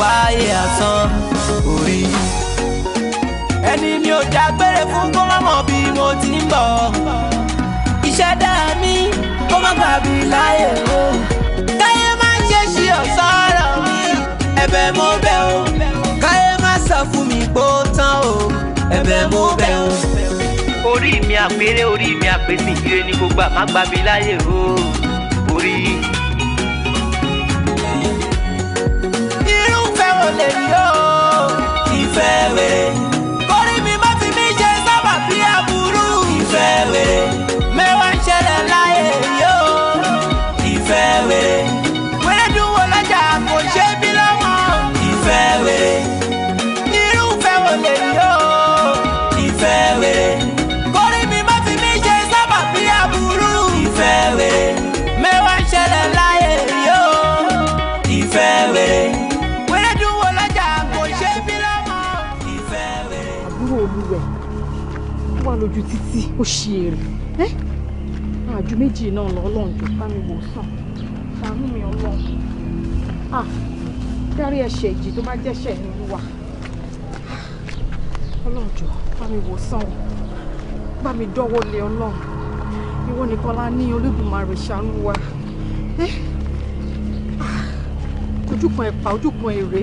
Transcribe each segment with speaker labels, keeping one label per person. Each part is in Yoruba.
Speaker 1: wáyé asán orí. ẹni mi ò dágbére fún kó má mọ̀ bí mo ti ń bọ̀. iṣẹ́ dá mi kó má gbà mí láyè o. káyé má ṣe ṣí ọ̀sọ́rọ̀ mi ẹ̀bẹ̀ mo bẹ̀ o. káyé má sọ fún mi pé ó tán o ẹ̀bẹ̀ mo bẹ̀ o. orí mi àpérè orí mi àpèsè ire ni gbogbo àmàgbà mi láyè o. lè rí o. ìfẹ́
Speaker 2: wèrè.
Speaker 3: lójú títí ó ṣe èrè àjù méjì náà lọ ọlọ́run tó bá mi wò sàn ṣàánú mi ọlọ́run à ah, dárí ẹ̀ṣẹ̀ ìjì tó bá jẹ́ṣẹ̀ ní wíwà ọlọ́run tó bá mi wò sàn o bá mi dọ́wọ́ lé ọlọ́run ìwọ nìkan la ní olódùmarè ṣàánú wa ah, ojú kan ẹ̀pà ojú kan èrè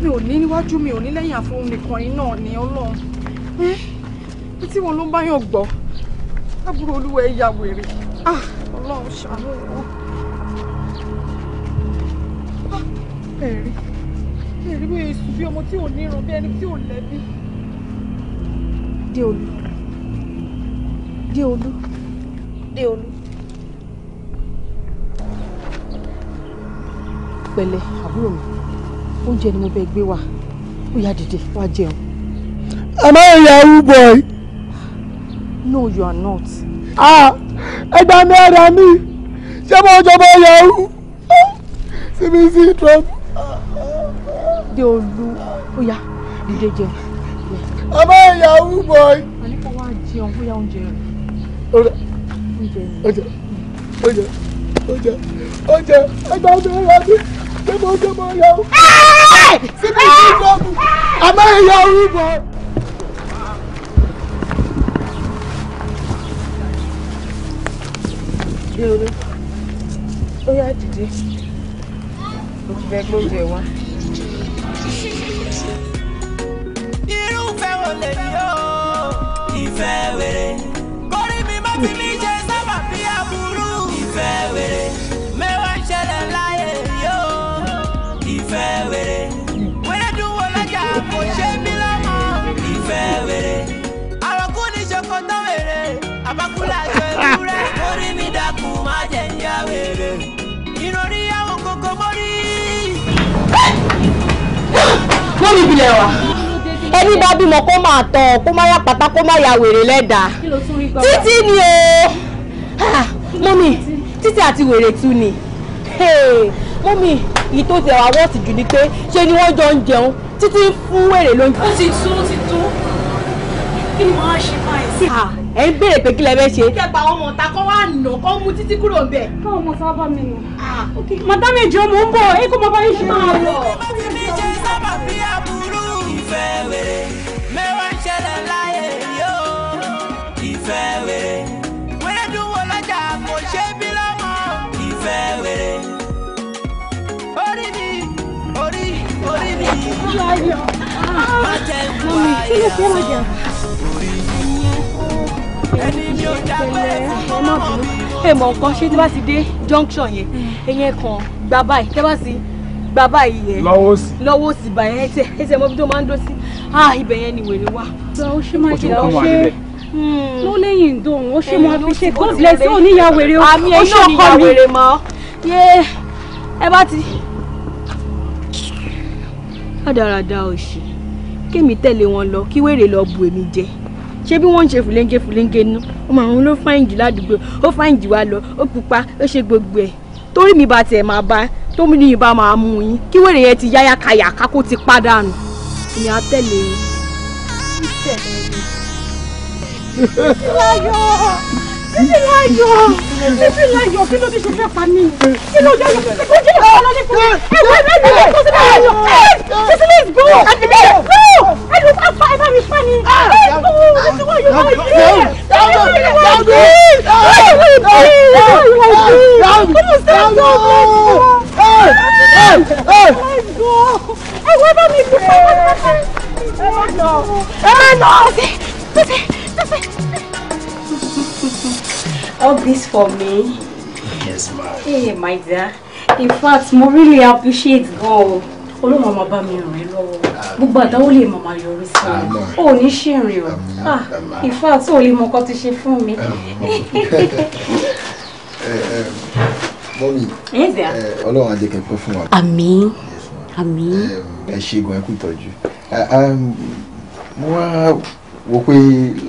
Speaker 3: mi ò ní níwájú mi ò ní lẹ́yìn àfohùn nìkan iná ni ọlọ́run tí wọn ló ń báyàn gbọ́ àbúrò olúwa ẹ̀ ya wèrè ah, ọlọ́run ṣàánú wọn. Ah, ẹ̀rí ẹ̀rí bí èsù bí ọmọ tí ò ní ìran bí ẹni tí ò lẹ́bí. Déolú Déolú Déolú. pẹ̀lẹ́ àbúrò mi oúnjẹ ni mo bẹ gbé wá ó yá dìde wá jẹun.
Speaker 4: àmọ́ ìyá arúgbó yìí.
Speaker 3: No, you are not.
Speaker 4: Ah! I don't Ẹgbà mi ara mi! Ṣé mo jọba yahoo? CBC drop.
Speaker 3: Dé olú, ó yá, dìde jẹ.
Speaker 4: Àbá yahoo boy.
Speaker 3: Àníkà wá jẹun, ó yá oúnjẹ rẹ̀.
Speaker 4: Oúnjẹ. Oúnjẹ. Oúnjẹ. Oúnjẹ. Oúnjẹ. Ẹgbà mi ara mi! Ṣé mo jọba yahoo? CBC drop. Àbá yahoo boy.
Speaker 3: gbé orí ó yá dìde ó ti fẹ́
Speaker 1: gbóúnjẹ wá. irúfẹ́ wo lè ní o
Speaker 2: ìfẹ́ wèrè.
Speaker 3: mọ́ mi bilẹ̀ wa. ẹni bá bímọ kó máa tọ̀ kó má yà pátá kó má ya wèrè lẹ́dàá títí ni o mọ́mì títí àti wèrè tún ni mọ́mì èyí tó tẹ̀ wá wọ́ọ̀sì jù ni pé ṣe ni wọ́n jọ ń jẹun títí fún wèrè lóúnjẹ. ó ti tú ó ti tú kí ni wọ́n á ṣe báyìí sí. ẹ ń béèrè pé kí lẹ fẹ́ ṣe. kí ẹ gba àwọn ọ̀tá kan wá nà kán mú títí kúrò bẹ̀. káwọn ọmọ sábà mi nù. madame ìjọ mò ń bọ̀ ẹ kó máa bá yín ṣe.
Speaker 2: máa lọ. fẹ́ wèrè.
Speaker 1: orí mi orí orí mi má
Speaker 3: ẹ mọ nǹkan ṣé tí bá ti dé junction yẹn ẹyẹ kan gbà báyìí tẹ́ bá ti gbà báyìí yẹn lọ́wọ́ òsì lọ́wọ́ òsì báyẹn ẹsẹ̀ ẹsẹ̀ mọ́bí tó máa ń dó sí ah, ibẹ̀ yẹn ni wèrè wà. ó máa jẹ́ ó ló hmm. lẹ́yìn ìdóhùn ó ṣe máa fi ṣe god bless ó níyàwó èrè ó ṣe ọkọ mi ẹ bá ti. rádaràda òṣì kémi tẹ̀lé wọn lọ kí wèrè lọ bu èmi jẹ ṣé bí wọ́n ń ṣe fùlẹ́ńgé fùlẹ́ńgé nú ọmọ àwọn ló fáyìn jù ládùúgbò ó fáyìn jù wá lọ ó pupa ó ṣe gbogbo ẹ̀ torí mi bá tiẹ̀ máa bá tó mi níyìn bá máa mú yín kí wèrè yẹn ti yáyàkáyàká kó ti pàdánù ìyá tẹ̀lé yín. Títílayọ̀ Títílayọ̀ Títílayọ̀ kí ló ti ṣe fẹ́ pa mí kí ló jẹ́ kó jẹ́ ìwọ lọ́dún fún mi ẹ̀wọ̀n ẹ̀rọ ìdílé kó sílẹ̀ ayọ̀ sísílẹ̀ ìgbó ẹ̀dílé ìgbó
Speaker 1: ẹ̀lú pápá ẹ̀bá mi fún mi ẹ̀gbó ìṣòwò yóò wá ìdí ẹ̀gbó ìwà ìdí ìwà ìdí ìwà ìdí kó ló ṣe é tó ẹ̀gbó ẹ̀wọ̀n ẹ̀bá mi fún mi ẹ̀gbó ẹ̀gbó ẹ̀gbó Stop it! All this
Speaker 3: for me. Yes, ma'am. Hey, my dear. In fact, mo really appreciate God. Ọlọ́run Mama bá mi ràn ẹ́ lọ́wọ́. Gbogbo àdáwó lè máa máa yọrí sí mi. Ó ní ṣèrìn o. Ah, in fact, ó lè mọ nǹkan ti ṣe fún mi.
Speaker 5: Eh, eh, Mọ́mí, eh, Ọlọ́run á jẹ́ kẹ́ pẹ́ fún wa.
Speaker 3: Àmín.
Speaker 4: Àmín.
Speaker 5: Ẹ ṣe gan-an ẹ kú ìtọ́jú. Um, wo pé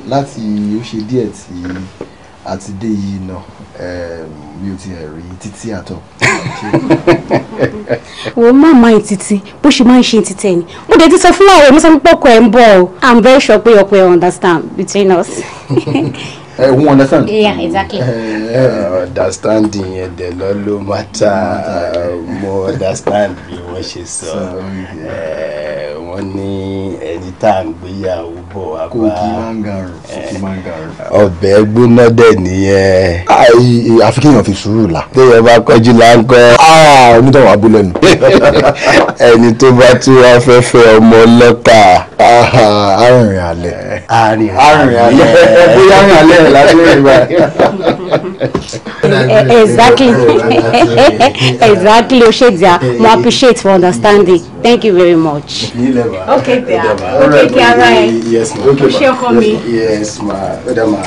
Speaker 5: láti ó ṣe díẹ̀ tí a ti dé yìí náà eh, mi ò tiẹ̀ rí títí àtọ̀.
Speaker 3: wo máa máa títí bó ṣe máa ń ṣe títí ẹni mo dé ti sọ fún àwọn ọmọ pé ọkọ ẹ ń bọ̀ o i'm very sure pé ọkọ ẹ understand between us. ẹ
Speaker 6: eh, wọ́n understand.
Speaker 3: yeah exactly.
Speaker 6: Eh, understanding yẹn dẹ̀ lọ ló matter mo understand bí wọ́n ṣe sọ wọ́n ní ẹni tá à ń gbéyàwó bọ̀ wá bá eh, ọbẹ̀ gbóná dẹ̀ nìyẹn.
Speaker 5: àfi kí èèyàn fi sùúrù la. téèyàn bá kọjú láńkọ. onídàwọ̀ abúlé nù. ẹni tó bá tún wá fẹ́ fẹ́ ọmọ ọlọ́kà. arìnrìn alẹ́. arìnrìn alẹ́ bóyá arìnrìn alẹ́ láti rìn bá.
Speaker 3: Eh, eh, exactly exactly o ṣe dia mo appreciate for understanding thank you very much
Speaker 6: okay there okay there right yes ma okay ṣe ọkọ mi yes ma ó dà ma.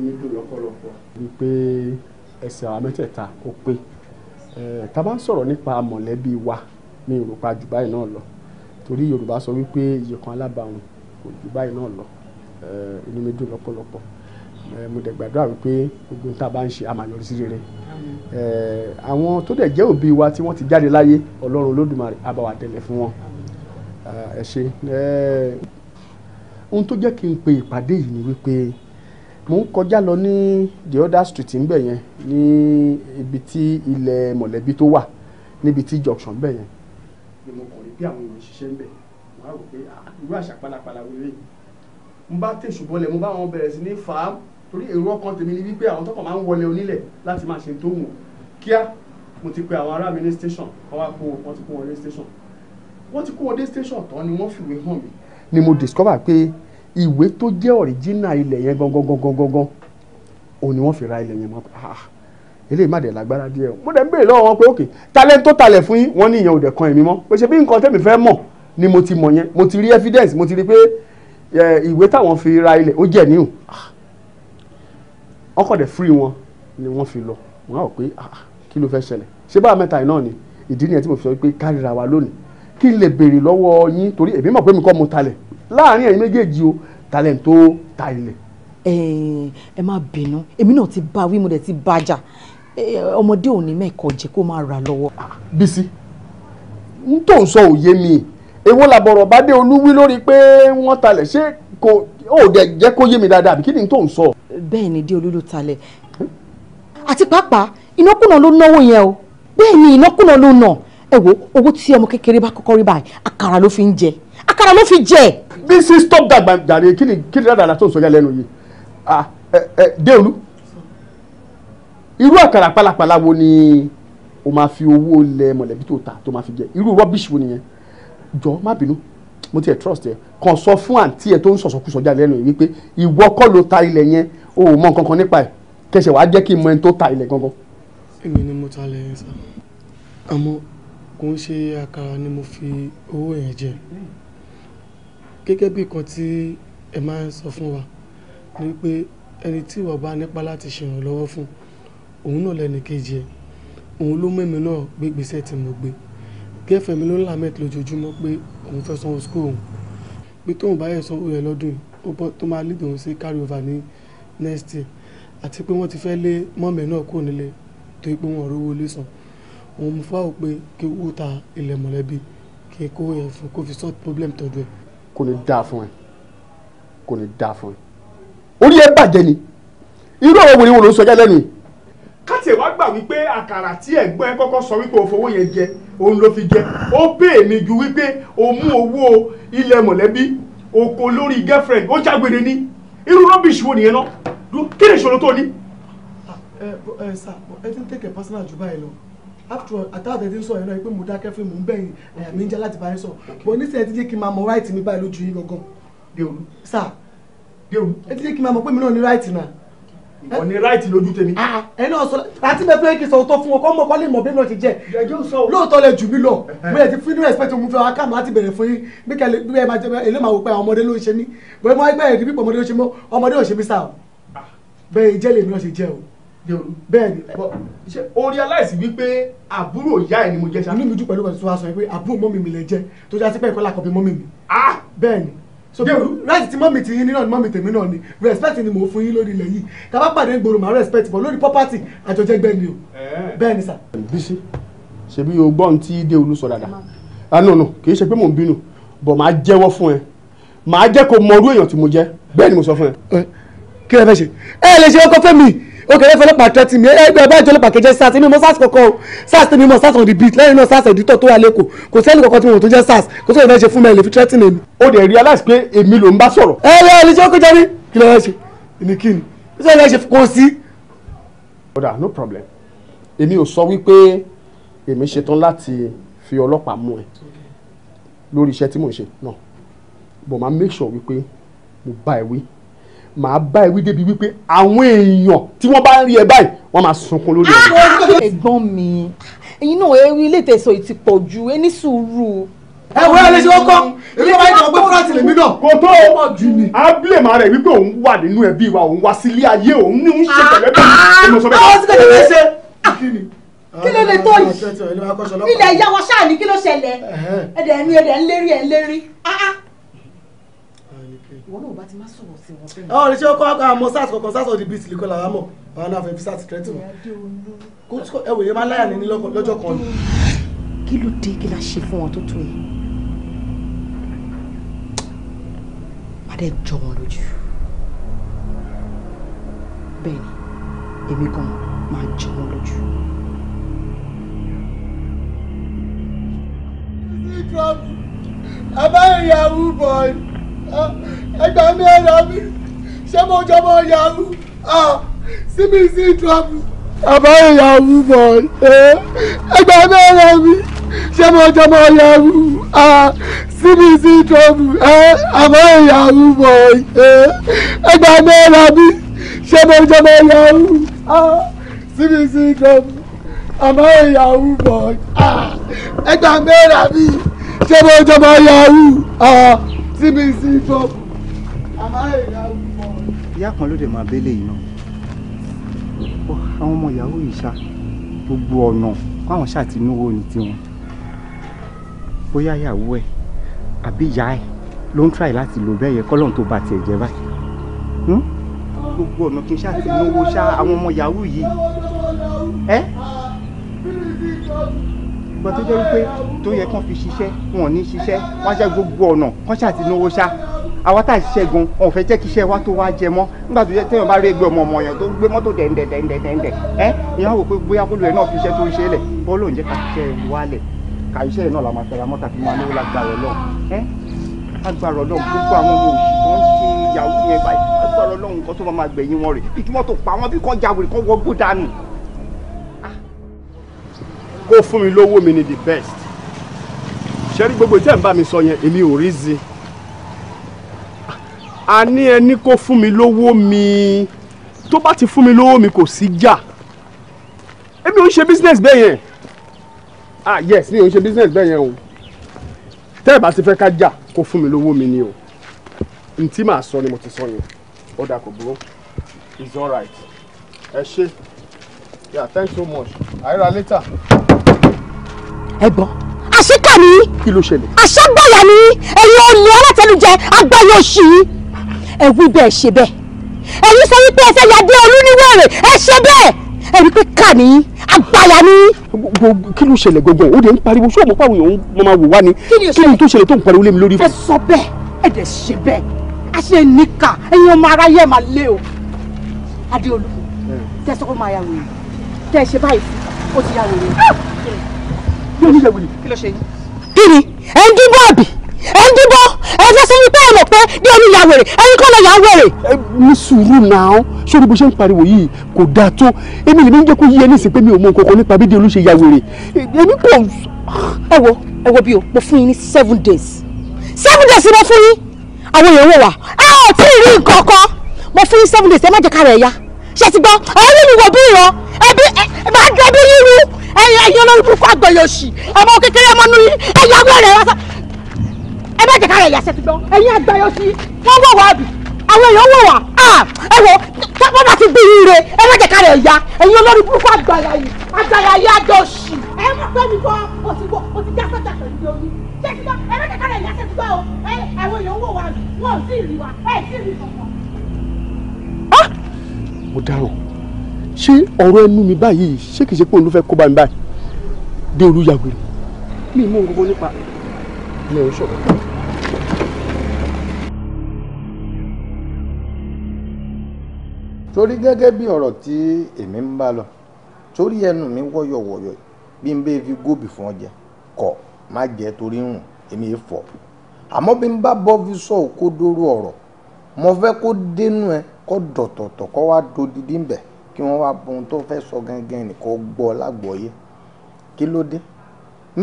Speaker 7: nínú lọ́pọ̀lọpọ̀. wípé ẹsẹ̀ àwọn mẹ́tẹ̀ẹ̀ta kò pé tá bá ń sọ̀rọ̀ nípa mọ̀lẹ́bí wa ní yorùbá jù báyìí náà lọ torí yorùbá sọ wípé ìyẹ̀kan alábàáhùn kò jù báyìí náà lọ inú mi dùn lọ́pọ̀lọpọ̀ mo dẹ̀ wípé gbogbo tá bá ń ṣe a sí rere àwọn tó dẹ̀ jẹ́ òbí wa tí wọ́n ti jáde láyé ọlọ́run olódùmarè á bá fún wọn ẹ ṣe ohun tó jẹ́ kí n pe ìpàdé yìí ni wípé mo ń kọjá lọ ní the other street ńbẹ yẹn ní ibi tí ilẹ̀ mọ̀lẹ́bí tó wà níbi tí junction ńbẹ yẹn ni mo kàn rí bí àwọn èèyàn ṣiṣẹ́ ńbẹ wọ́n á rò pé irú àṣà pálapàla wo lè bá tèṣù bọ́lẹ̀ mo bá wọn bẹ̀rẹ̀ sí ní fà á torí èrò ọkàn tèmi ni wípé àwọn tọkàn máa ń wọlé onílẹ̀ láti máa ṣe tó wù kíá mo ti pe àwọn ará mi ní station wọ́n wá kó wọ́n ti kó wọn dé station wọ́n ti kó wọn dé station tán ni wọ́n fìwé hàn mí. ni mo discover pé ìwé tó jẹ́ ọ̀ríjínà ilẹ̀ yẹn gangan gangan gangan òun ni wọ́n fi ra ilẹ̀ yẹn mọ́ ah, eléyìí má dẹ̀ lágbára díẹ̀ o mo dẹ̀ ń béèrè lọ́wọ́ wọn pé ok talent tó talẹ̀ fún yín wọ́n ní ìyẹn ò dẹ̀ kan èmi mọ́ pé ṣe bí nǹkan tẹ́mi fẹ́ mọ̀ ni mo ti mọ̀ yẹn mo ti rí evidence mo ti rí pé ìwé táwọn fi ra ilẹ̀ ó jẹ́ níhùn ah, ọkọ̀ dẹ̀ free wọn ni wọ́n fi lọ wọ́n á wọ̀ pé ah, kí ló fẹ́ ṣẹlẹ̀ ṣé báwa mẹ́ta yìí náà ni ìdí nìyẹn tí mo fi sọ pé kárìíra wa lónìí kí n lè béèrè lọ́wọ́ yín torí èmi mọ̀ pé mi kọ́ mo talẹ̀ láàrin ẹ̀yin méjèèjì o talent
Speaker 3: tó ta ilẹ̀. ẹ má bínú èmi náà ti bá wí mo dẹ̀ ti bá jà ọmọdé ò ní mẹ́kọ̀ọ́ jẹ́ kó máa rà lọ́wọ́. Ah, Bísí n
Speaker 7: tó ń sọ òye mi èwo làbọ̀rọ̀ bá dé lórí pé wọ́n talẹ̀ ṣé kò
Speaker 3: ó dẹ̀ jẹ́ kó yé mi dáadáa àbí kí ni n tó ń sọ. bẹ́ẹ̀ ni dé olú ló talẹ̀ àti pàápàá ìnákùná ló náwó yẹn o bẹ́ẹ̀ ni ìnákùná ló nà ẹ wo owó tí ọmọ kékeré bá kọ́kọ́ rí báyìí àkàrà ló fi ń jẹ àkàrà ló fi jẹ this is stop that gbàgbàre kí ni
Speaker 7: kí ni dáadáa tó ń sọjá lẹ́nu yìí ah ẹ ẹ déolú irú àkàrà pálapàla wo ni o máa fi owó lẹ mọ̀lẹ́bí tó ta tó máa fi jẹ irú rubbish wo nìyẹn jọ má bínú mo tiẹ̀ trust ẹ kàn sọ fún àǹtí ẹ tó ń sọ̀sọ̀kú sọjá lẹ́nu yìí pé ìwọ kọ́ ló ta ilẹ̀ yẹn o ò mọ nǹkan kan nípa ẹ̀ kẹsẹ̀ wàá jẹ́ kí n mọ ẹni tó ta ilẹ̀ gangan.
Speaker 8: èmi ni mo ta ilẹ̀ yẹn sá àmọ́ kò ń ṣe àkàrà ni mo fi owó yẹn jẹ gẹ́gẹ́ bí nǹkan tí ẹ máa ń sọ fún wa ni pé ẹni tí ìwà bá nípa láti ṣèrànlọ́wọ́ fún òun náà lẹ́nu kejì ẹ̀ òun ló mẹ́mi náà gbé gbèsè tí mo gbé gẹ́fẹ̀ mi ló ń lament lójoojúmọ́ pé òun fẹ́ sanwó school òun pé tóun bá yẹ sanwó rẹ̀ lọ́dún yìí tó máa lead òun sí carry over ní next year àti pé wọ́n ti fẹ́ lé mọ́mẹ́ náà kúrò nílé torí pé wọ́n rówó lé san òun mo fáwọn pé kí owó ilẹ̀ mọ̀lẹ́bí kí kó yẹn fún kó fi sort problem tọ́jú ẹ̀
Speaker 7: kò ní dáa fún ẹ kò ní dáa fún ẹ orí ẹ bàjẹ́ ni irú àwọn obìnrin wo ló ń sọjá lẹ́nu yìí. káti ẹ̀ wá gbà wípé àkàrà tí ẹ̀gbọ́n ẹ kọ́kọ́ sọ wípé o fowó yẹn jẹ òun ló fi jẹ ó bẹ́ẹ̀ ni ju wípé o mú owó ilẹ̀ mọ̀lẹ́bí o kò lórí girlfriend ó jágbére ní irú rubbish wo nìyẹn náà kí ni ìṣòro tó ní.
Speaker 8: ẹ ẹ sà ẹ ti ń tẹ̀kẹ̀ personal jù báyìí lọ after àtàwọn ẹ̀dín sọ̀rọ̀ náà pé mo dákẹ́ fún mi mo ń bẹ̀yìn àyà mi ń já láti báyìí sọ̀rọ̀ but nísìnyí ẹ ti jẹ́ kí n máa mọ right mi báyìí lójú yín gangan Déolú sir Déolú ẹ ti jẹ́ kí n máa mọ pé mi náà ní right náà. ìwọ ní right lójú tèmi. Ah, ah, ẹ náà sọ àti bẹ́ẹ̀ fẹ́ kí n sọ òótọ́ fún wọn kọ́ mọ̀ kọ́ lè mọ̀ bí náà ti jẹ́ lóòótọ́ mo yẹ ti fún inú respect mo fẹ́ wá káàmù láti bẹ̀rẹ̀ fún yín bí kẹ́lẹ́ bí ẹ máa jẹ́ ẹ lè máa wò pé àwọn ọmọdé ló ń ṣe mí bẹ́ẹ̀ mo ẹgbẹ́ ẹ̀dí pípọ̀ ọmọdé ló ń ṣe mí ọmọdé ò ṣe mí sáà dèrò. bẹ́ẹ̀ni bọ o realize wípé àbúrò ìyá ẹ ni mo jẹ ṣá. inú mi dùn pẹ̀lú pẹ̀lú tí wàá sọ pé àbúrò mọ́mì mi lẹ jẹ́ tó jásí pé ìkọ́lá kọ̀bí mọ́mì mi. ah bẹ́ẹ̀ni so right ti mọ́mì ti yín náà
Speaker 7: ni mọ́mì tèmi náà ni respect ni mo fún yín lórí ilẹ̀ yìí tá bá pàdé gbòòrò màá respect bọ̀ lórí property àjọjẹgbẹ́ ni o eh. bẹ́ẹ̀ni sà. bísí ṣebí o gbọ́n tí déolú sọ dáadáa ah no no kì í ṣe pé mò ń bínú bọ̀ máa jẹ́wọ́ fún ẹ máa jẹ́ kó mọ orú èèyàn tí mo jẹ́ bẹ́ẹ̀ ni mo sọ fún ẹ. Eh, kí lẹ fẹ́ ṣe ẹ lè ṣe ọkọ fẹ́ mi ó kéré fọlọ́pàá tẹ́tí mi ẹgbẹ́ ọba ìjọ ọlọ́pàá kẹjẹ sars èmi mọ sars kọ̀ọ̀kan o sars tẹ́mi mọ sars on the beat lẹ́yìn náà sars editor tó wà lẹ́kọ̀ọ́ kò sẹ́ni kankan tí mo tó jẹ́ sars kò sóyè fẹ́ ṣe fún mi ẹ̀ lè fi tẹ́tí mi. ó dẹ̀ realize pé èmi ló ń bá sọ̀rọ̀. ẹ yọ ẹni tí ó kọjá ní kí ló fẹ́ ṣe èmi kí ni kí ló fẹ́ ṣe kó sí. ọ̀dà no problem èmi ò sọ wípé èmi ṣetán láti fi ọlọ́pàá mú ẹ lórí iṣẹ́ tí mò ń ṣe but make sure wípé mo bá ẹ màá bá ẹ wí débi wípé àwọn èèyàn tí wọ́n bá ń rí ẹ báyìí wọ́n máa sunkún
Speaker 3: lórí ẹ. Ah! ẹ̀gbọ́n mi ẹ̀yin náà ewu ilé ìtẹ̀sọ̀ ti pọ̀ ju ẹ ní sùúrù. ẹ wo ẹ lè ṣe kọ́kọ́ èmi máa ń sọ pé fúláàtì lèmi náà.
Speaker 7: kò tó abúlé màá wípé òun wà nínú ẹbí wa òun wá sílé ayé òun ní òun ṣe ah! pẹ̀lẹ́ pẹ̀lẹ́
Speaker 3: ah! kí ló lè tó yìí ilẹ̀ ìyá wa ṣáà ní kí ló ṣẹlẹ̀ ẹ̀dẹ̀ ń lérí ẹ̀ ń lérí wọn náà bá ti má sọ̀rọ̀ sí wọn bẹ́ẹ̀.
Speaker 8: ọ̀rẹ́ ṣé ọkọ àmọ́ sars kankan sars ọ̀dì bíi tìlíkọ́ làwọn mọ̀ àwọn náà fẹ́ẹ́ fi sars tẹ́tì
Speaker 3: wọn.
Speaker 8: ẹ wòye máa láyà ní lọ́jọ́ kan.
Speaker 3: kí ló dé kí la ṣe fún wọn tó tó yìí. adé jọ wọn lójú bẹ́ẹ̀ ni èmi kan máa jọ wọn lójú.
Speaker 4: About a Yahoo boy ẹgbẹ́ mi ẹ̀rọ mi ṣé mo jọmọ yahoo cbc trouble àbá yahoo boy ẹgbẹ́ mi ẹ̀rọ mi ṣé mo jọmọ yahoo cbc trouble àbá yahoo boy ẹgbẹ́ mi ẹ̀rọ mi ṣé mo jọmọ yahoo cbc trouble àbá yahoo boy ẹgbẹ́ mi ẹ̀rọ mi
Speaker 9: ṣé mo jọmọ yahoo tí mi sí tó ìyá kan ló dẹ̀ máa bẹ́lẹ̀ yìí náà àwọn ọmọ ìyàwó yìí ṣá gbogbo ọ̀nà káwọn ṣàtinúwò ní tiwọn bóyá ìyàwó ẹ̀ àbí ìyá ẹ̀ ló ń tíráì láti lò bẹ́ẹ̀ yẹ kọ́lọ́n tó bá tiẹ̀ jẹ́ báyìí gbogbo ọ̀nà kí n ṣàtinúwò ṣá àwọn ọmọ ìyàwó yìí ẹ́ ṣùgbọ́n tó jẹ́ wípé tó yẹ kán fi ṣiṣẹ́ wọn ò ní ṣiṣẹ́ wọ́n ṣe gbogbo ọ̀nà kán ṣàti náwó ṣá àwa tá à ṣiṣẹ́ gan wọn ò fẹ́ jẹ́ kí iṣẹ́ wa tó wá jẹ mọ́ nígbà tó yẹ téèyàn bá rí ẹgbẹ́ ọmọ ọmọ yẹn tó gbé mọ́tò dẹ̀ndẹ̀dẹ̀ndẹ̀dẹ̀ ẹ́ ìyẹn wò pé bóyá kó lu ẹ̀ náà fi iṣẹ́ tó ń ṣe lẹ̀ bọ́ lóun jẹ́ ká iṣẹ́ wa lẹ̀ ká iṣẹ́ náà la máa fẹ́ra mọ́ta fi máa lówó lágbára Ọlọ́run ẹ́ lágbára Ọlọ́run gbogbo àwọn ọmọ òṣì tó ń ṣe ìyàwó yẹn báyìí lágbára Ọlọ́run nǹkan tó máa gbẹ̀yìn wọn rè bí kí wọ́n tó pa wọ́n bí kọ́ jáwèrè kọ́ kó fún mi lówó mi ni the best
Speaker 7: ṣe rí gbogbo tẹ́ ń bá mi sọ yẹn èmi ò rí zi a ní ẹni kó fún mi lówó mi tó bá ti fún mi lówó mi kò sí jà èmi ò ń ṣe business bẹ́ẹ̀ yẹn ah yes mi ò ń ṣe business bẹ́ẹ̀ yẹn o tẹ́ ẹ̀ bá ti fẹ́ ká jà kó fún mi lówó mi ni o n tí màá sọ ni mo ti sọ yẹn ọ̀dà kò burú it's alright ẹ ṣe yeah thanks so much àyíra later
Speaker 3: ẹ̀gbọ́n àṣìkà ni kí ló ṣẹlẹ̀ àṣàgbọyà ni ẹ̀yin olè alátẹnujẹ agbáyé oṣù ẹ wí bẹ́ẹ̀ ṣe bẹ́ẹ̀ ẹ̀yin sọ wípé ẹsẹ yàdé olúniwèrè ẹ ṣe bẹ́ẹ̀ ẹ rí pé
Speaker 7: kà ní agbáyà ni. kí ló ṣẹlẹ̀ gbọ̀ngàn ó dé ń pariwo ṣé òmùpá àwọn èèyàn mo máa wò wá ni kí ni tó ṣẹlẹ̀ tó ń pariwo
Speaker 3: lé mi lórí. ẹ sọ bẹ́ẹ̀ ẹ dẹ̀ ṣe bẹ́ẹ̀ a ṣe níkà ẹ̀yin ọmọ aráyé ẹ máa lé o adéolú tẹsán ó máa yà wèrè tẹ ẹ ṣe báyìí ó ti yà wèrè kí ló ṣe yín. kí ni
Speaker 4: ẹ ń díbọ́ àbí ẹ ń díbọ́ ẹ fẹ́ sọ wípé ẹ mọ̀ pé bí omi ya wèrè ẹyin kọ́ lọ ya wèrè.
Speaker 7: ẹ ní sùúrù náà sórí bó ṣe ń pariwo yìí kò dáa tó èmi lè ní jẹ́ kó yí ẹ
Speaker 3: nísìnyí pé mi ò mọ nǹkan kan nípa bí Déolú ṣe ya wèrè èmi kò. ẹ wo ẹ wo bí o mo fún yín ní seven days seven days mo fún yín àwọn èèyàn wò wá ẹ ò tí ì rí nǹkan kan mo fún yín seven days ẹ má jẹ́ ká rẹ̀ ya ṣe ti gbọ́ ẹ rí mi wọ bí ìran ẹbí ẹbí adébí yíru ẹyìn ẹyìn olórí burúkú àgbọyọsì ọmọ kékeré ọmọ nù yín ẹyìn awẹrẹ wáṣà ẹbí ẹjẹká rẹ yàtọ̀ gbọ́ ẹyìn àgbọyọsì wọn wọ wá bì àwọn èèyàn wọ wá ẹ wọ wọn bá ti bí ire ẹbí ẹjẹká rẹ yá ẹyìn olórí burúkú
Speaker 1: àgbàyà yìí àgbàyà yìí ẹ má pẹ́ mi bọ́ òsì òsì jáfẹ́ jáfẹ́ ní omi ṣẹ́kígbọ́ ẹbí ẹjẹká rẹ yàtọ̀ gbọ́ àwọn èèyàn wọ wá bì wọn ò sí ìrìwà
Speaker 7: ṣé ọ̀rọ̀ ẹnu mi báyìí ṣé kìí ṣe pé òun ló fẹ́ kó bá mi báyìí dé olúyàwó rẹ̀
Speaker 9: mi mú gbogbo nípa
Speaker 7: ilé ìṣòro.
Speaker 5: torí gẹ́gẹ́ bí ọ̀rọ̀ tí èmi ń bá lọ torí ẹnu mi wọ́yọ̀wọ́yọ̀ bí n bẹ́ẹ̀ fi góòbì fún ọ jẹ kọ̀ má jẹ́ torí rùn èmi yẹn fọ̀ àmọ́ bí n bá bọ́ fi sọ òkú dóró ọ̀rọ̀ mo fẹ́ kó dénú ẹ kó dọ̀tọ̀tọ̀ kó wá dodidi ń bẹ̀ẹ́ kí wọ́n wá ohun tó fẹ́ sọ gangan nìkan gbọ́ lágbọ́yé kí ló dé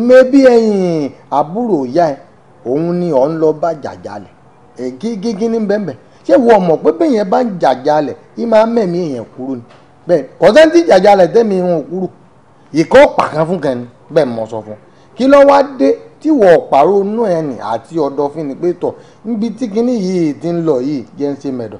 Speaker 5: mébí ẹ̀yìn àbúrò ìyá ẹ òun ni ọ̀ ń lọ bá jàjálẹ̀ èkí gígí ní bẹ́ẹ̀bẹ́ẹ̀ ṣé wo ọmọ pé bẹ́ẹ̀ yẹn bá ń jàjálẹ̀ yìí máa mẹ̀mí èèyàn kúrò ni bẹ́ẹ̀ kọ́sẹ́ntì jàjálẹ̀ tẹ́mi wọn kúrò ìkọ́ pàkan fún kẹ́ni bẹ́ẹ̀ mọ̀ sọ fún kí ló wá dé tí wọ́n pàrọ̀ inú ẹni àti ọ̀dọ̀ fún ni pé tọ̀ níbi tí kinní yìí ti ń lọ yìí jẹ́ ń ṣe mẹ́dọ̀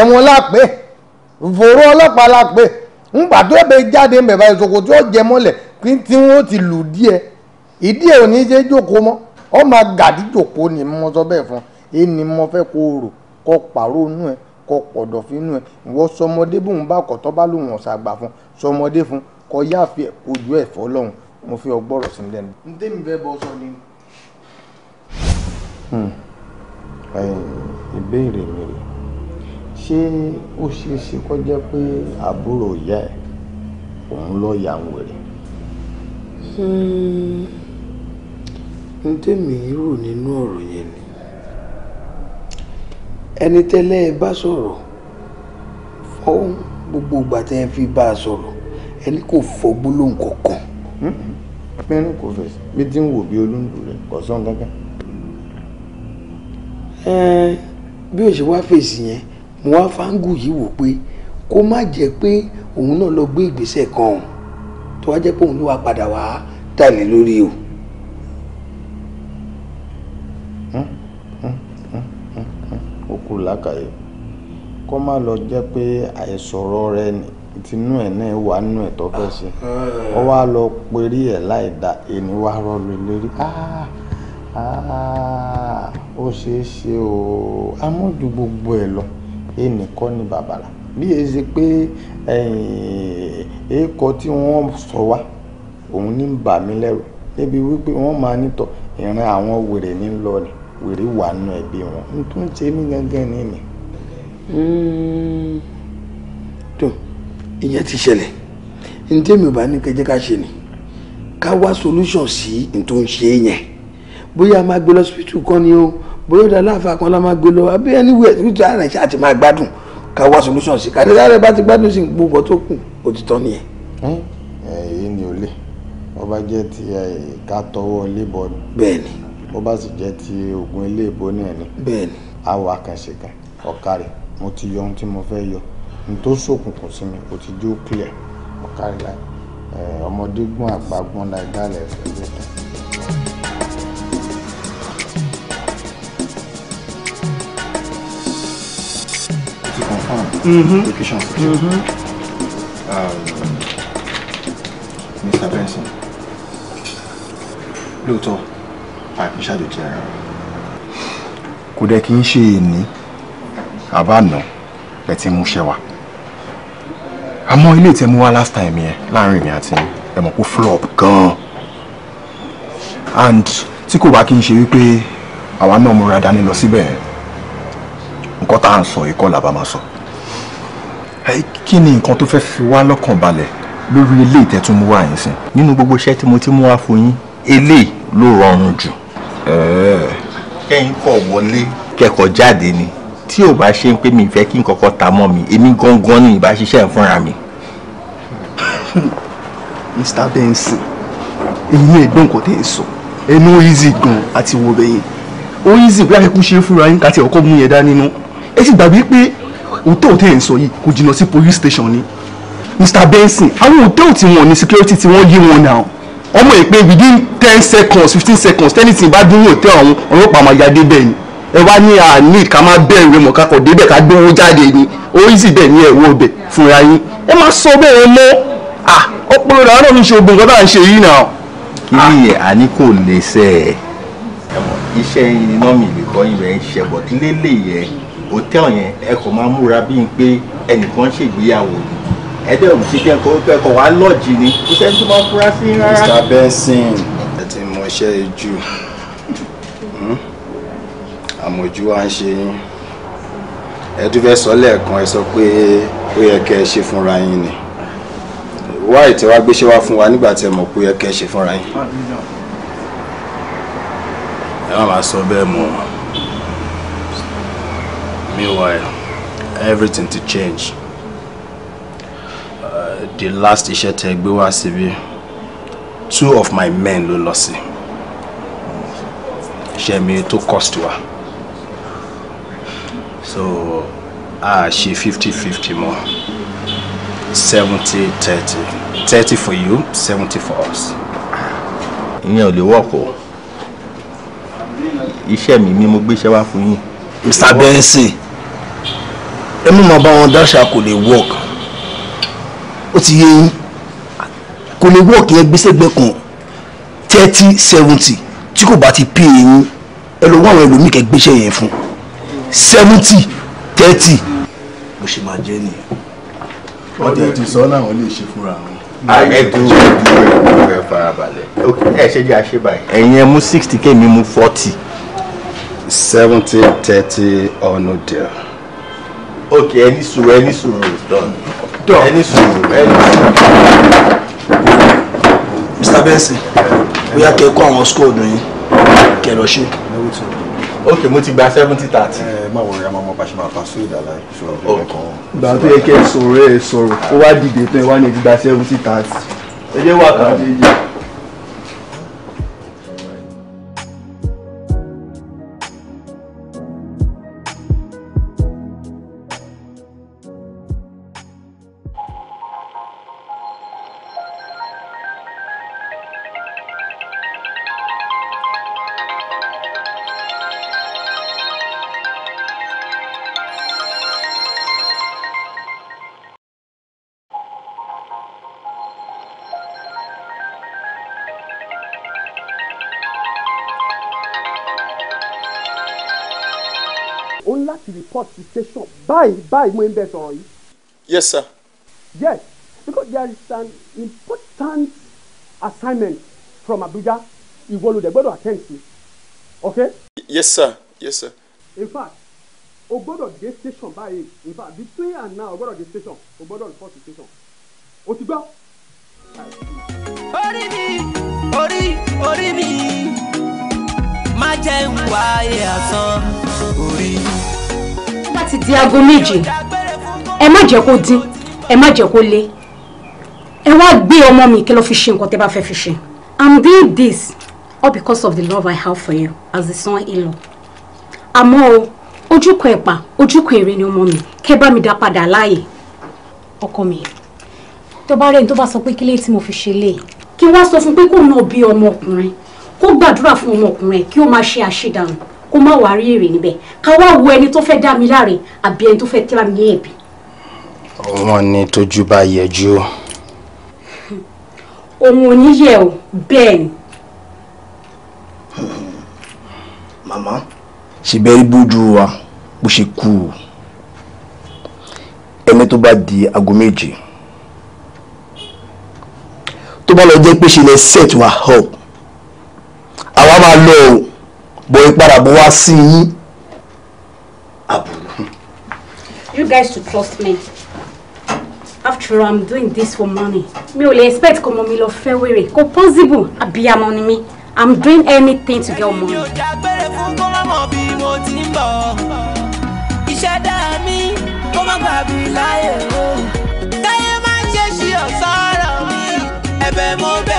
Speaker 5: ẹ̀wọ̀n la pé fòrò ọlọ́pàá la pé ńgbà tó bẹ jáde ń bẹ̀bà ìṣòkò tí ó jẹ mọ́lẹ̀ tí wọ́n ti lù díẹ̀ ìdí ẹ̀ ò ní ṣe jókòó mọ́ ọ máa gàdí jókòó ni mo sọ bẹ́ẹ̀ fún ẹ ni mo fẹ́ kó o rò kó pàrọ̀ nù ẹ kó pọ̀dọ̀ fi nù ẹ ìwọ sọmọdé bóun bá kọ̀ tọ́ bá lòun ọ̀sà gbà fún sọmọdé fún kọ yáàfi ẹ̀ kojú ẹ̀ fọ́ lọ́hùn mo fi ọgbọ́rọ̀ sí lẹ́nu. n tẹ́mi fẹ́ bọ́ sọ ni. Hmm. ìbéèrè mi rèé ṣé ó ṣeé ṣe kó jẹ́ pé àbúrò ìyá ẹ̀ òun ló ya ń
Speaker 10: wèrè.
Speaker 4: Hmm.
Speaker 5: n tèmi rò nínú ọ̀rọ̀ yẹn ni ẹni tẹ́lẹ̀ ẹ bá sọ̀rọ̀ fọ́n gbogbo ìgbà tẹ́ ẹ fi bá a sọ̀rọ̀ ẹni kò fọ́ gbólóhùn kankan. pẹ́ẹ́nù hmm. kò fẹ̀sì bí tí ń wò bí olóńdó rẹ̀ kò sọ́n kankan. bí o ṣe wá fèsì yẹn mo wá fáńgù yìí wò pé kó má jẹ́ pé òun náà lọ gbé ìgbésẹ̀ kan tó wá jẹ́ pé òun ló wá padà wá tàlé lórí o.
Speaker 9: Hmm, hmm,
Speaker 5: hmm, ó kù lákàyè kó má lọ jẹ́ pé àìsọ̀rọ̀ rẹ tinú ẹ̀ náà wà nínú ẹ̀ tó fẹ́ ṣe ó wá lọ perí ẹ̀ láì da ẹni wá rọ́ọ̀lù lérí ah, ah, ó ṣeé ṣe o amójú gbogbo ẹ̀ lọ ẹnìkan ní bàbàrà bí èyí ṣe pé èèkọ tí wọ́n sọ wá òun ní bà mí lẹ́rù níbi wípé wọ́n máa nítọ̀ ìran àwọn wèrè ní lọ ni wèrè wà nù ẹbí wọn n tó ń ṣe mí gangan ní mi. tó ìyẹn ti ṣẹlẹ̀ ní tèmi ò bá ní kẹjẹ ká ṣe ni ká wá solution sí ní tó ń ṣe yẹn bóyá a máa gbé lọ́sibítù kan ni o bóyá ọ̀dà aláàfáà kan la máa gbé lọ àbí anywhere nítorí àrùn ẹ̀ṣẹ̀ àti máa gbádùn
Speaker 11: ká wá solution sí kàdé lára bá ti gbádùn
Speaker 5: sí gbogbo tó kù òtítọ́ nìyẹn. èyí ni ò lè wọ́n bá jẹ́ ti ká tọwọ́ léèbọ̀ ni. bẹ́ẹ̀ni. wọ́n bá sì jẹ́ ti oògùn iléèbọ̀ náà ni. bẹ́ẹ̀ni. àwọ̀ àkànṣe kan ọ̀kàrẹ̀ mo ti yọ ohun tí mo fẹ́ yọ n tó ṣòkùnkùn clear ọ̀kàrẹ̀ láì ọmọdé gún àgbà gún
Speaker 9: the kitchen section. Um,
Speaker 12: Mr. Benson lóòótọ́ àìkú ṣàjòjì ara rẹ̀. kò dẹ́ kí n ṣe èní àbáàná ẹ ti múṣẹ́ wa àmọ́ ilé ìtẹ́mú wa last time yẹn láàrin èmi àti ẹ mọ̀ kó flop gan and tí kò bá kí n ṣe wípé àwa náà múra dání lọ síbẹ̀ nǹkan tá à ń sọ ìkọlà bá máa sọ. So kí ni nǹkan tó fẹ́ fi wá lọ́kàn balẹ̀ lórí eléyìí tẹ́ tún mú wá yín sìn. nínú gbogbo iṣẹ́ tí mo ti mú wá fún yín eléyìí ló rọrùn jù. kẹ́yìn kọ̀ wọlé kẹ́kọ̀ọ́ jáde ni tí ò bá ṣe ń pé mi ìfẹ́ kí n kọ́kọ́ ta mọ́ mi èmi gangan ni ìbá ṣiṣẹ́ ń fúnra mi.
Speaker 7: Mr. Benson èyí ni ẹ̀gbọ́n nǹkan tẹ́ ẹ sọ ẹnu easy gan àti wo bẹyìn ó easy bí akẹ́kọ̀ọ́ ṣe fúnra yín káti ọkọ mú yẹn dá nínú ẹ sì gbàgbé pé òótọ́ òótẹ́ ẹ̀ ń sọ yìí kò jìnnà sí police station ni Mr. Benson àwọn òótọ́ òtí wọn ní security tí wọ́n yé wọn náà ọmọ yìí pé within ten seconds fifteen seconds tẹ́nìtì bá dúró òótẹ́ àwọn ọlọ́pàá máa ya débẹ̀ ni ẹ wá ní àní ah, ká má bẹ̀rù rẹ̀ mọ̀ká kọ̀ débẹ̀ ká gbówó jáde ni ó easy bẹ́ẹ̀ ní ẹ̀wọ́ ọbẹ̀ fúnra yín ẹ má sọ bẹ́ẹ̀ mọ́ ah ọpọlọ rẹ̀ àwọn
Speaker 12: ọ̀run ṣe ogun nǹkan tá à ń ṣe yìí náà. kí ni àní ah. kò lè sẹ́ ẹ̀ iṣẹ́ yín ni nọ́ọ̀mì lè kọ́ yín rẹ̀ ń ṣẹ̀bọ̀ lélẹ̀ yẹn hòtẹ́ẹ̀l yẹn ẹ kò máa múra bíi pé ẹnìkan ṣègbéyàwó ni ẹdẹ ò sí kẹ́kọ̀ọ́ kẹ́kọ̀ọ́ wá lọ́ọ̀jì ni kò sẹ́ni tó máa fura sí rárá. Mr. Benson
Speaker 6: ẹ ti mọ iṣẹ́ jù hmm? àmọ̀jú wa ń ṣe yín ẹ tún fẹ́ sọ lẹ́ẹ̀kan ẹ sọ pé ó yẹ kẹ́ ẹ ṣe fúnra yín ni wá ìtẹ́ wá gbéṣẹ́ wá fún wa nígbà tí ẹ mọ̀ pé ó yẹ kẹ́ ẹ ṣe fúnra yín ẹ má máa sọ bẹ́ẹ̀ mọ́ meanwhile everything to change uh, the last iṣẹ́ tẹ́ gbé wá síbí two of my men ló lọ sí iṣẹ́ mi tó cost wa so a she fifty fifty more. seventy thirty thirty for you seventy for us. You ò lè wọ́pọ̀
Speaker 12: iṣẹ́ mi ni mo gbéṣẹ́ wá fún yín. Mr. Benson ẹ mú ma bá wọn dáṣà kò lè work ó ti yé yín kò lè work yẹn gbèsègbè kan thirty seventy tí kò bá ti pè é yín ẹ lọ wá àwọn ẹlòmíì kẹ gbéṣẹ́ yẹn fún seventy thirty bó ṣe máa jẹ́ nìyẹn. wọ́n dẹ̀ ti sọ láwọn lè ṣe fúnra wọn. ẹ dúró dúró ẹ
Speaker 6: sixty kí èmi mú forty. seventy thirty ọ̀nù díẹ̀ ok ẹni sùúrù ẹni sùúrù Done. Any sùúrù any
Speaker 12: sùúrù. Mr. Benson bóyá kẹ kó àwọn score ọdún yìí kẹ lọ ṣe. ok mo ti gba seventy thirty. ẹ eh, má wọrí àwọn ọmọ pàṣẹ máa pa sí ìdàlá ìṣòro ẹ̀kọ́.
Speaker 13: ìgbà tó yẹ kẹ́
Speaker 7: ẹ sọ̀rọ̀ ẹ sọ̀rọ̀ ó wá dìde tán ẹ wá ní ìgbà seventy thirty
Speaker 13: ẹ jẹ́ wà kàdé yìí.
Speaker 7: báyìí báyìí mo ń bẹ sọ̀rọ̀ yìí. yes sir. yes because there is an important assignment from Abuja ìwọ ló dẹ̀ gbọ́dọ̀ attend to okay. yes sir yes sir. in fact o gbọ́dọ̀ dé station By báyìí in fact between and now o gbọ́dọ̀ dé station o gbọ́dọ̀ report to station o ti gbọ́.
Speaker 1: orí mi orí orí mi má jẹ́ ń
Speaker 2: ẹ̀ àsán orí mi
Speaker 1: ti di aago méje
Speaker 3: ẹ má jẹ́ kó dín ẹ má jẹ́ kó lé ẹ wá gbé ọmọ mi kí ló fi ṣe nǹkan tẹ́ bá fẹ́ fi ṣe i'm doing this all because of the love i have for you as the son in law àmọ́ o ojúkọ ẹ̀pà ojúkọ èrè ni ọmọ mi kẹ́ bá mi dá padà láàyè ọkọ mi tó bá rẹ̀ ní tó bá sọ pé kílé tí mo fi ṣe lè kí wá sọ fún pé kóun náà bí ọmọkùnrin kó gbàdúrà fún ọmọkùnrin kí ó máa ṣe àṣedànù kó má wàá rí èrè níbẹ̀ ká wá wo ẹni tó fẹ́ dá mi láre àbí ẹni tó fẹ́ tẹ́ra mi ní ẹ̀bi.
Speaker 6: wọn ní tójú bá yẹjú.
Speaker 3: òun ò ní yẹ o bẹ́ẹ̀ ni.
Speaker 9: màmá
Speaker 12: ṣe bẹ́ẹ̀ rí wa bó ṣe kú ẹni tó bá di aago méje tó bá lọ jẹ́ pé ṣe lè set wa up àwa máa lọ o bọ̀ ìpadà
Speaker 7: bọ̀ wá sí yín àbùnú.
Speaker 3: you guys should trust me after all i'm doing this for money mi ò lè expect kò mọ mi lọ fẹ́ wèrè kò possible àbíyamọ ni mi i'm doing anything to get money. ẹni mi dágbére fún kó bí mo
Speaker 1: ti ń bọ̀ iṣẹ́ dá mi kó má gbà bí láyé o káyé má ṣe ṣí ọ̀sán ọ̀rọ̀ mi ẹ̀bẹ̀ mo bẹ̀.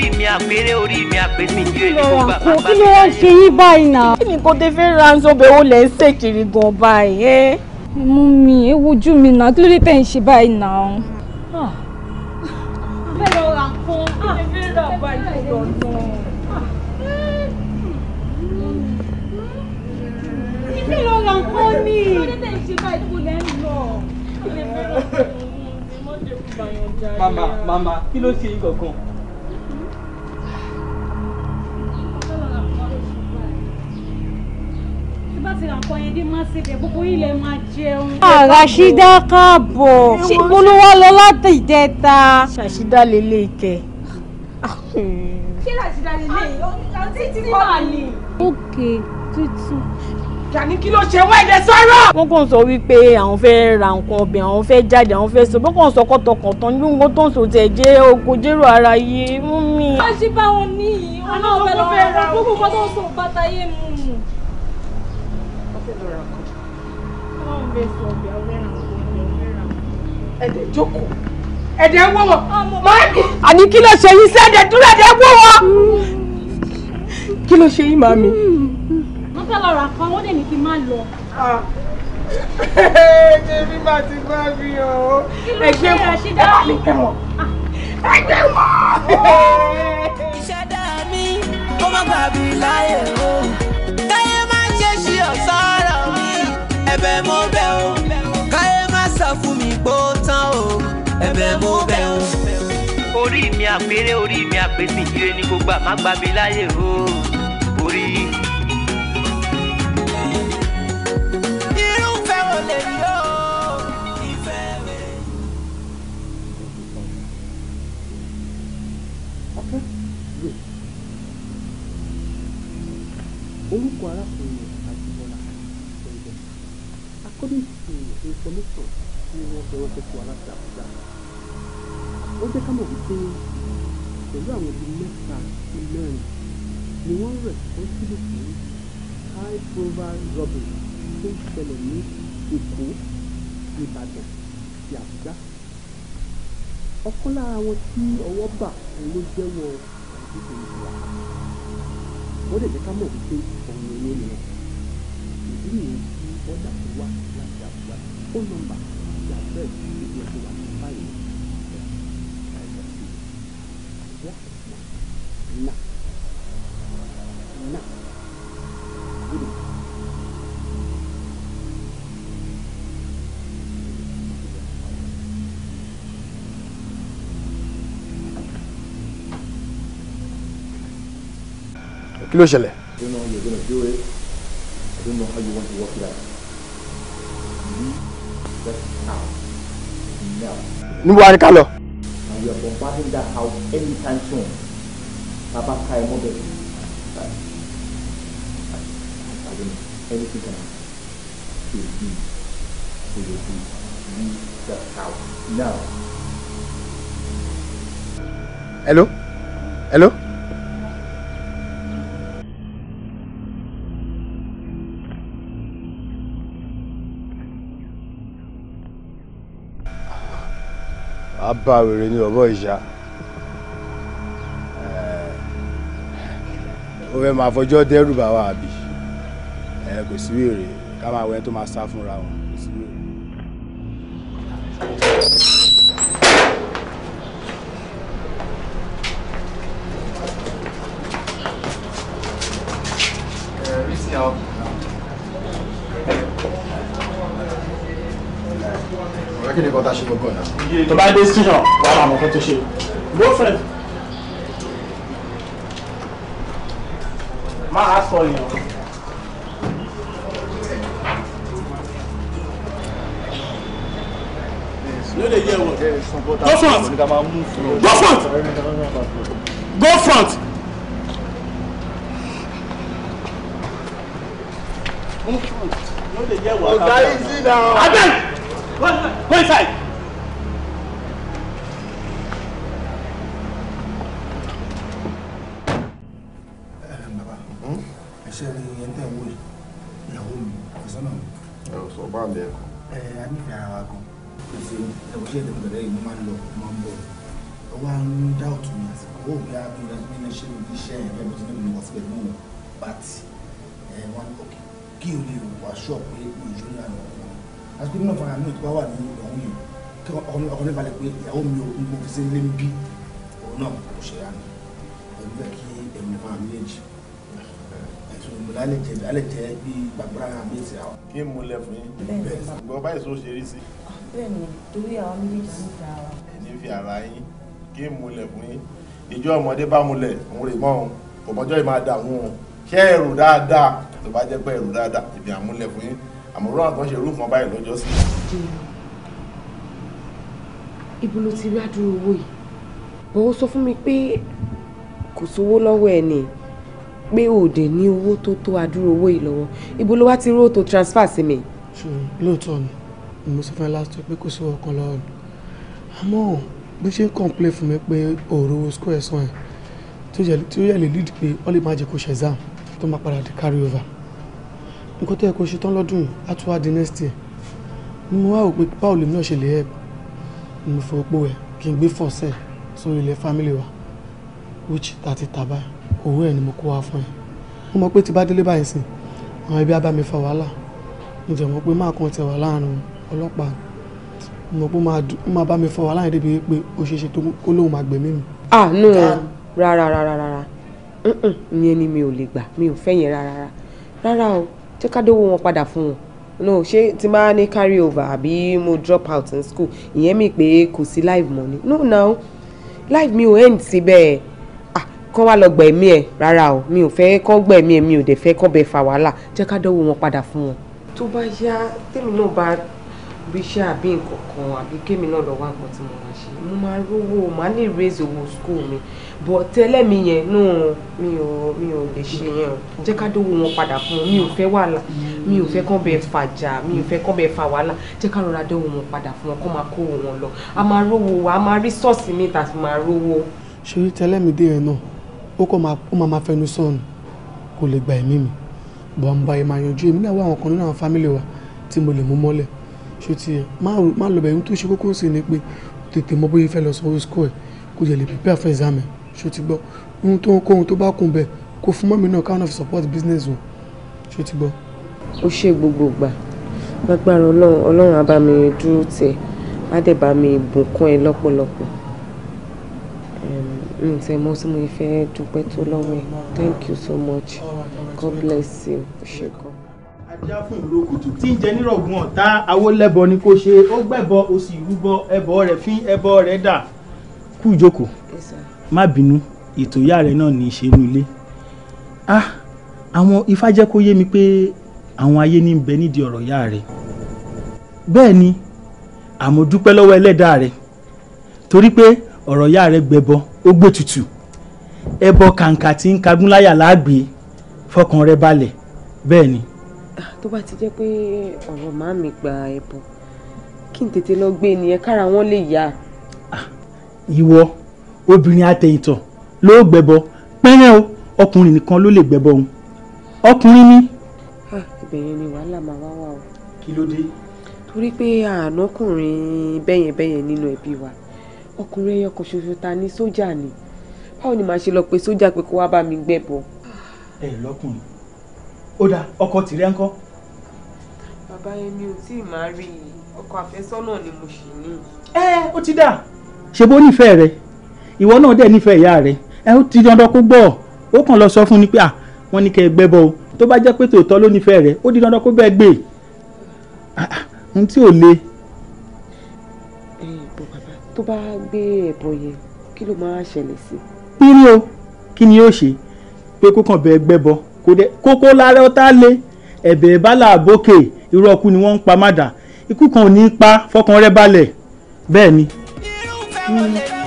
Speaker 1: orí mi àpérè orí mi àpèsè ìjọ èmi kò gbà bàbá mi. kí ló wá ṣe
Speaker 3: yín báyìí náà. kí ni kò dé fẹ́ ránṣọ bẹ́ẹ̀ ó lẹ̀ ń ṣe kiri gan báyìí ẹ́. mú mi ẹ wojú mi náà kí ló dé tẹ̀ ń ṣe báyìí náà. bẹ́ẹ̀ ah. lọ ra
Speaker 4: kí lè fẹ́ rà báyìí lọ́dún. ilé lọ ra fún mi. kí ló dé tẹ̀ ń
Speaker 3: ṣe báyìí kò lọ.
Speaker 4: kí mama mama
Speaker 10: kí ló ṣe yín
Speaker 3: gangan. bá ti ràn kọyìn dín mọ́ síbẹ̀ gbogbo Rashida káàbọ̀ olúwa lọ láti ìjẹta. Rashida lélẹ ìkẹ. kí Rashida lélẹ ọtí tí wà ní. òkè tuntun. Gani kí ló ṣe wẹ́ẹ̀dẹ̀ sọ̀rọ̀. wọ́n kàn sọ wípé àwọn fẹ́ ra nǹkan ọbẹ̀ àwọn fẹ́ jáde àwọn fẹ́ sọ bọ́n kàn sọ kọ́tọkọ̀tàn ní gbogbo tó ń sọ tẹ̀ jẹ́ oko jẹ́rò ara yé mú mi. wọ́n ṣe bá ní ìhìn wọn náà fẹ́ lọ́wọ́ gbogbo nǹkan sọ bàtà yé mu. ẹ̀dẹ̀ jókòó ẹ̀dẹ̀ wọ́wọ́ màámi. àní kí ló ṣe yín sí ẹ̀dẹ̀ dúró ẹ̀dẹ̀ wọ́wọ́. kí ló ṣe yín màámi. wọ́n fẹ́ lọ rà kan wọ́n dẹ̀ ní kí n má lọ. ṣèbí
Speaker 1: bá ti gbá mi o. kí ló ṣe Rashida. ẹ bá mi tẹ̀ wọ́n. ẹ gbé wọ́n. ìṣẹ̀dá mi ó má gbàgbé láyé o. táyé máa ṣe sí ọ̀sán ọ̀rọ̀ mi
Speaker 2: ẹ̀bẹ̀ mo bẹ̀ o.
Speaker 1: káyé má sọ fún mi gbóòdì ẹ̀bẹ̀ mú bẹ̀ o. orí mi àpérè orí mi àpèsè ire ni gbogbo àmàgbàbí láyè o orí. irúfẹ́ wo lè rí o.
Speaker 2: ìfẹ́ rẹ̀.
Speaker 7: orúkọ arákùnrin àjùmọ̀lá according to information tí wọ́n fẹ́ wọ́n fẹ́ fún aláṣà àbújá ó jẹ́ ká mọ̀ wípé pẹ̀lú àwọn ibi mẹ́ta sí mẹ́rin ni wọ́n rẹ̀ tó sílẹ̀ fún high profile robbery tó ń ṣẹlẹ̀ ní èkó ìbàdàn àti àbújá ọ̀kan lára wọn tí ọwọ́ bà ló jẹ́wọ́ àdúgbò ìwà wọ́n lè jẹ́ ká mọ̀ wípé ọ̀hún owó ni wọn ìdí nìyẹn tí ọ̀dà tó wá láti àbújá ó nọ́mbà àti àbúrò ìdí ẹ̀kọ́ wa ní. kí ló ṣẹlẹ̀.
Speaker 9: níbo wa ni ká lọ.
Speaker 7: hello hello.
Speaker 6: bá wèrè ní ọ̀bọ̀ ìṣá ó fẹ́ máa fọjọ́ dẹ́rù bá wa àbí kò sí wèrè ká máa wẹ́ tó máa sá fúnra wọn kò sí wèrè.
Speaker 10: Olha aquele botar chegou tó bá dé station wà á mọ̀ tó ṣe girlfriend. má a sọ yẹn
Speaker 13: go front go front
Speaker 9: go front.
Speaker 7: Go front.
Speaker 10: dey hear waka. Abeg,
Speaker 9: go inside. sẹ́ni
Speaker 13: ẹ̀ńtẹ̀ wò
Speaker 6: ìyàwó mi ìsọ́nà mi. ẹ ò sọ bá lẹ ẹkọ. ẹ a nífẹ̀ẹ́ ara wa gan pèsè ẹ̀wọ̀n iṣẹ́ ìdẹ̀kùn yìí mo máa ń lọ mo máa ń bọ̀ ọ wá dá òtún mi àsìkò ó bí a ìdájọ́ nínú iṣẹ́ mi iṣẹ́ yẹn bẹ́ẹ̀ mo ti ní wọ́n síbẹ̀ náà bàtì ẹ̀ wọ́n ọ̀kẹ́ kí n lè wá ṣọ́ pé òjò ní àti pé nínú ọ̀fọ̀n bọ̀dá lè
Speaker 13: jẹ alẹ́ jẹ bí gbàgbọ́ra mi ti ra wa. kí n múlẹ̀ fún yín. bẹ́ẹ̀ ni gbọ́ báyìí sọ ṣe rí sí. Ah, bẹ́ẹ̀ ni torí àwọn méjèèjì ń fi ara. ẹni fi ara yín kí n múlẹ̀ fún yín ìjọ ọmọdé bá múlẹ̀ òun rè mọ́ òun kò mọ́jọ́ yìí máa dààmú òun kẹ́ ẹ̀rù dáadáa tó bá jẹ́ pé ẹ̀rù dáadáa ìbí àmúlẹ̀ fún yín àmọ̀ràn àtọ́ ṣe irú kan báyìí lọ́jọ́ sí.
Speaker 3: ibo ló ti rí àdúrà owó yìí bọ̀wọ́ sọ fún mi pé kò sówó lọ́wọ́ ẹ̀ nìyí pé o dẹ̀ ní owó tó tó adúrò owó yìí lọ́wọ́ ibo ló wá ti rówó tó transfer sí mi. ṣùgbọ́n lóòótọ́ ni mo sọ fún ẹ
Speaker 8: last week pé kò sí ọkàn lọ́wọ́ mi àmọ́ bí ṣe ń complain fún mi pé òòrò school ẹ̀sán ẹ̀ tó yẹ lè lead pé wọ́n lè má jẹ́ kó ṣe exam tó máa padà di carry over nǹkan tó yẹ kó ṣe tán lọ́dún á tún wá di next year ni mo wá wò pé báwo lèmi náà ṣe lè help ni mo fọwọ́ pò ẹ̀ kí n gbé fọ̀ọ́sẹ̀ sórí ilẹ̀ family wa which tàti tàbá owó ẹ̀ ni mo kó wá fún ẹ mo mọ̀ pé tí bá délé báyìí sìn àwọn ẹbí á mi fa wàhálà mo jẹ̀ mọ́ pé máa kàn tẹ̀ wá láàrin ọlọ́pàá mo mọ̀ pé ó máa bá mi fa wàhálà yẹn débi pé ó ṣeé tó ó lóun máa gbẹ̀mí mi.
Speaker 3: àánú rárá rárá rárá ìyẹn ni mi ò lè gbà mi ò fẹ́ yẹn rárá rárá o jẹ́ ká dówó wọn padà fún wọn no ṣé tí máa ní carry over àbí mo drop out in school ìyẹn mi pé kò sí live money no now live mi ò end síbẹ̀ kọ́ wá lọ gbẹ̀mí ẹ̀ rárá o mi ò fẹ́ kọ́ gbẹ̀mí ẹ̀ mi ò dẹ̀ fẹ́ kọ́ bẹ fà wàhálà jẹ́ ká dánwò wọn padà fún wọn. tó bá yá tèmi náà bá rí iṣẹ́ àbí nǹkan kan àbí kémi náà lọ wá nǹkan tí mo máa ṣe mo máa rówó màá lè raise owó school mi bọ̀ tẹ́lẹ̀ mi yẹn náà mi ò mi ò lè ṣe yẹn o jẹ́ ká dánwò wọn padà fún wọn mi ò fẹ́ wàhálà mi ò fẹ́ kọ́ bẹ fàjà mi ò fẹ́ kọ́ bẹ fà wàhálà jẹ́ ká rọra dánwò wọn padà fún wọn kó máa kó wọn lọ a máa rówó wa a máa rí sọ́ọ̀sì mi tàbí máa rówó.
Speaker 8: ṣorí tẹ́lẹ̀ mi dé yẹn náà ó kọ́ máa máa fẹnu sọnù kò lè gba ẹ̀mí mi bọ̀ ń ba ẹ̀ máa yanjú èmi náà wá àwọn kan nínú àwọn fámìlì wa tí mo lè mú mọ́lẹ̀ ṣó ti yẹ má lọ bẹ̀rù tó ṣe kókó sí ni pé tètè mọ bóyá fẹ́ lọ sanwó school ẹ̀ kò jẹ̀ lè prepare for exam ẹ̀ ṣó ti gbọ́ ohun tó ń kó ohun tó bá kún bẹ́ẹ̀ kó fún mọ́mí náà kind of support business o
Speaker 3: ṣó ti gbọ́. ó ṣe gbogbo gbà lágbára ọlọ́run ọlọ́run á bá mi dúró tì á dẹ̀ bá mi bùnkún ẹ lọ́pọ̀lọpọ̀ mi ò tẹ̀ mo fẹ́ dúpẹ́ tó lọ́wọ́ thank you so much god bless you ṣe kọ́.
Speaker 10: ajá fún ìlú òkùtù tí ń jẹ nírọ̀gùn ọ̀tá awólẹ́bọ ni kò ṣe ó gbẹ̀bọ o sì rúbọ ẹbọ rẹ̀ fín ẹbọ rẹ̀ dà kú ìjókòó má bínú ètò ìyá rẹ̀ náà ní í ṣe inú ilé ah àwọn ifá jẹ́ kó yé mi pé àwọn ayé ní bẹ nídìí ọ̀rọ̀ ìyá rẹ̀ bẹ́ẹ̀ ni àmọ́ dúpẹ́ lọ́wọ́ ẹlẹ́dàá rẹ̀ torí pé ọ̀rọ̀ ìyá rẹ̀ gbẹbọ ó gbé tutù ẹbọ kàǹkà tí ń kagún láyà láàgbé fọkàn rẹ balẹ̀ bẹ́ẹ̀ ni.
Speaker 3: Ah, tó bá ti jẹ́ pé ọ̀rọ̀ máa mi gba ẹbọ kí n tètè lọ gbé ènìyàn e kára wọn lè yá. Ah,
Speaker 10: ìwọ obìnrin àtẹ̀yìntọ̀ ló gbẹbọ pẹ́rẹ́ o ọkùnrin nìkan ló lè gbẹbọ òun ọkùnrin ni.
Speaker 3: ibẹ̀ ah, yẹn ni wàhálà máa wá wà o. kí ló dé. torí pé àánọkùnrin bẹ́yẹn bẹ́yẹn nínú ẹbí wa ọkùnrin ẹyọ kan ṣoṣo ta ni sójà ni báwo ni màá ṣe lọ pe sójà pé kó wá bá mi gbẹbọ.
Speaker 10: ẹ lọkùnrin ó dáa ọkọ tìrẹ ńkọ́.
Speaker 3: bàbá èmi ò tí ì máa rí i ọkọ àfẹ́sọ́nà ni mo ṣì ní.
Speaker 10: ẹ ó ti dáa ṣe bó nífẹ̀ẹ́ rẹ ìwọ náà dẹ̀ nífẹ̀ẹ́ ìyá rẹ ẹ ó ti dandan kó gbọ́ ó kàn lọ sọ fún ni pé wọ́n ní kẹ́ ẹ gbẹ́bọ o tó bá jẹ́ pé tòótọ́ ló nífẹ̀ẹ́ rẹ ó di dandan kó bẹ́ẹ̀ gbé ohun tí ò le
Speaker 3: tó bá gbé ẹbọ yẹn kí ló máa ṣẹlẹ̀ sí.
Speaker 10: pírí o kí ni yóò ṣe pé kó kàn bẹ ẹgbẹ́ bọ kó dé kókó lára ọ̀tá lé ẹ̀bẹ̀ bálà àbókè irú ọkú ni wọ́n ń pa mádà ikú kan ò ní í pa fọkàn rẹ balẹ̀ bẹ́ẹ̀ ni. irúfẹ́
Speaker 4: wọlé.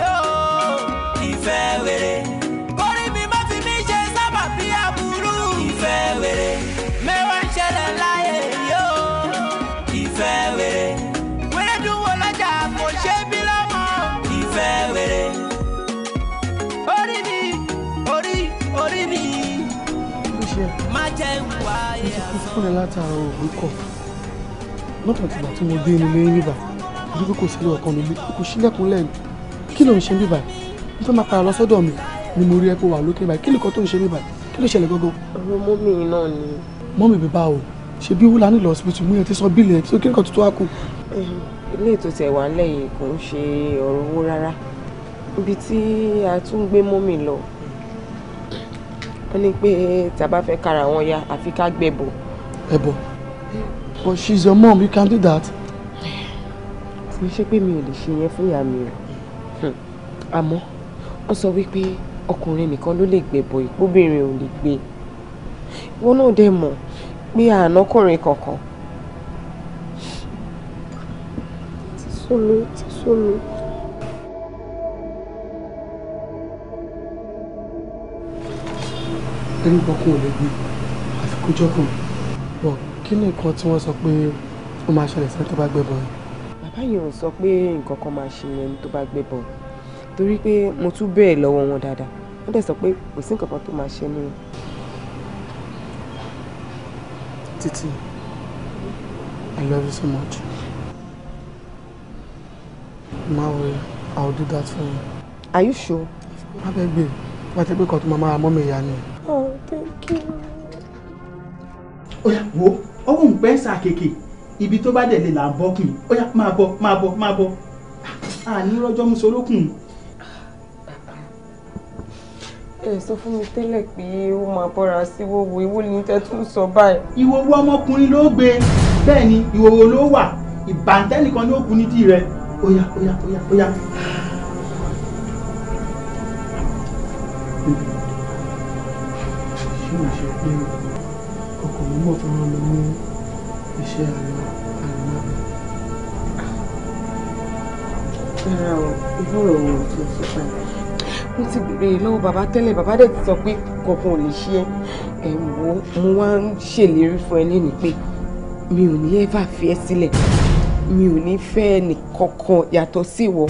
Speaker 8: fún ẹ látara òwe kọ lọ́pọ̀ ìgbà tí mo dé inú lé níbà ojú pé kò sí ọkàn mi lé kò sílẹ̀kùn lẹ́nu kí ló ń ṣe bíbà mo fẹ́ máa para lọ sọ́dọ̀ mi ni mo rí ẹ pé wà lókè báyìí kí nìkan tó ń ṣe bíbà kí ló ṣẹlẹ̀ gógó.
Speaker 3: ọ̀rọ̀ mọ́mì náà ni.
Speaker 8: mọ́mì bíbá o ṣe bí wúlà nílò ọ̀sibítù mú yẹn ti sọ bílẹ̀ tí ó kí nìkan tó tó wá kù.
Speaker 3: ilé ètò tẹ̀ wá lẹ́yìn kò ń ṣe ọ̀rọ̀ rárá ibi tí a tún gbé mọ́mì lọ wọ́n ní pé tá a bá fẹ́ kára wọn ya àfi ká gbẹ̀bọ̀
Speaker 8: Ebo, but she's your mom you can do that.
Speaker 3: kì í ṣe pé mi ò lè ṣe yẹn fún ìyá mi o hmm. àmọ́ wọ́n sọ wípé ọkùnrin nìkan ló lè gbẹ̀bọ̀ ìkóbìnrin ò lè gbé ìwọ náà dẹ̀ mọ̀ pé ànákùnrin kankan. ti sú mi ti sú mi.
Speaker 8: ẹnì kankan ò lè gbé àfikún jọkùnrin bọ̀ kí ni nǹkan tí wọ́n sọ pé ó máa ṣẹlẹ̀ sẹ́ni tó bá gbẹ́bọ yẹn.
Speaker 3: bàbá yìí ò sọ pé nǹkan kan máa ṣe ẹni tó bá gbẹ́bọ torí pé mo tún bẹ̀rẹ̀ lọ́wọ́ wọn dáadáa wọ́n dẹ̀ sọ pé kò sí nǹkan kan tó máa ṣe nínú. títí
Speaker 8: I love you so much. Má worry, I will do that for you. Are you sure? Má
Speaker 10: bẹ́ẹ̀ gbé, wá tẹ́ pé kan tó máa máa mọ́ mi ìyá ni.
Speaker 4: Oh, thank you
Speaker 10: ọ̀yà wo ọwọ́ ń pẹ́ sàkèké ibi tó bá dẹ̀ lè là ń bọ́ kùn ọ̀yà máa bọ̀ máa bọ̀ máa bọ̀ àní rọ́jọ́ mú sorókùn.
Speaker 3: ẹ sọ fún mi tẹ́lẹ̀ pé ó máa bọ́ra sí wọ́wọ́ ìwọ ni tẹ́ tún sọ báyìí. ìwòwò ọmọkùnrin ló gbé bẹ́ẹ̀ ni ìwòwò ló wà ìbàǹtẹ́ nìkan ló
Speaker 10: kù ní tí rẹ̀ ọ̀yà ọ̀yà ọ̀yà ọ̀yà. ṣé o
Speaker 8: túbọ̀ fún wọn lọ ní iṣẹ́ àlọ́ àlọ́
Speaker 3: mi. rárá o irú ọ̀rọ̀ wo ló ń sọ fún mi. mo ti béèrè lọ́wọ́ bàbá tẹ́lẹ̀ bàbá dẹ̀ ti sọ pé kankan ò lè ṣe ẹ mo wá ń ṣèlérí fún ẹ lónìí pé mi ò ní ẹ́fà fi ẹ́ sílẹ̀ mi ò ní fẹ́ ẹnìkankan yàtọ̀ sí ìwọ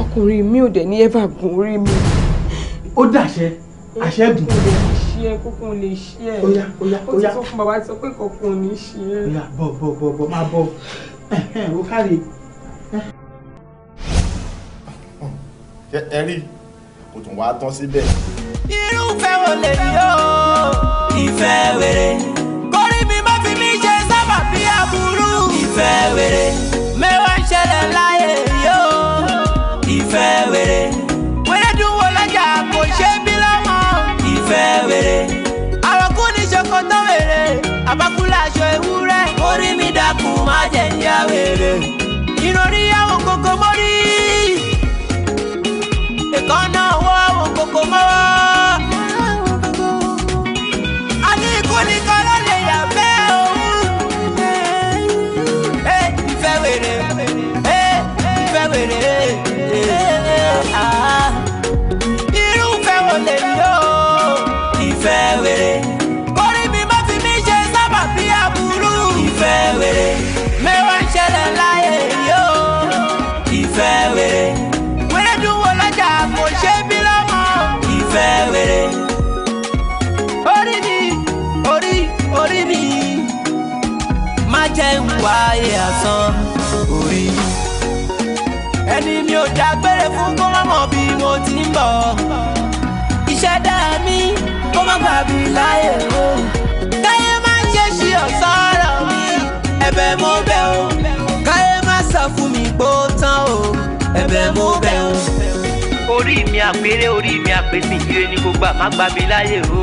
Speaker 3: ọkùnrin mi ò dẹ̀ ní ẹ́fà gun orí mi. ó dàṣẹ àṣẹ gùn ṣe ẹ kókó lè ṣe ẹ ó yá ó yá ti sọ fún
Speaker 10: bàbá
Speaker 13: ti sọ pé kókó ní ṣe ẹ. ó yá bọ̀ bọ̀ bọ̀ máa bọ̀ ó káre. ẹ rí kò tún wá tán
Speaker 1: síbẹ̀. irúfẹ́ wo lè ní o ìfẹ́ wèrè kórí mi má fi mí ṣe sábàbí aburú ìfẹ́ wèrè mẹ́wàá ń ṣẹlẹ̀ láyé yóò ìfẹ́ wèrè. orí mi dákun má jẹ́ ń yá wèrè ìròrí àwọn gbogbo mórí. wáyé asán orí. ẹni mi ò dágbére fún kó má mọ̀ bí mo ti ń bọ̀. iṣẹ́ dá mi kó má gbà mí láyè o. káyé má ṣe ṣí ọ̀sán ọ̀rọ̀ mi ẹ̀bẹ̀ mo bẹ̀ o. káyé má sọ fún mi gbó tán o ẹ̀bẹ̀ mo bẹ̀ o. orí mi àpérè orí mi àpèsè yìí ni kò gbà má gbà mí láyè o.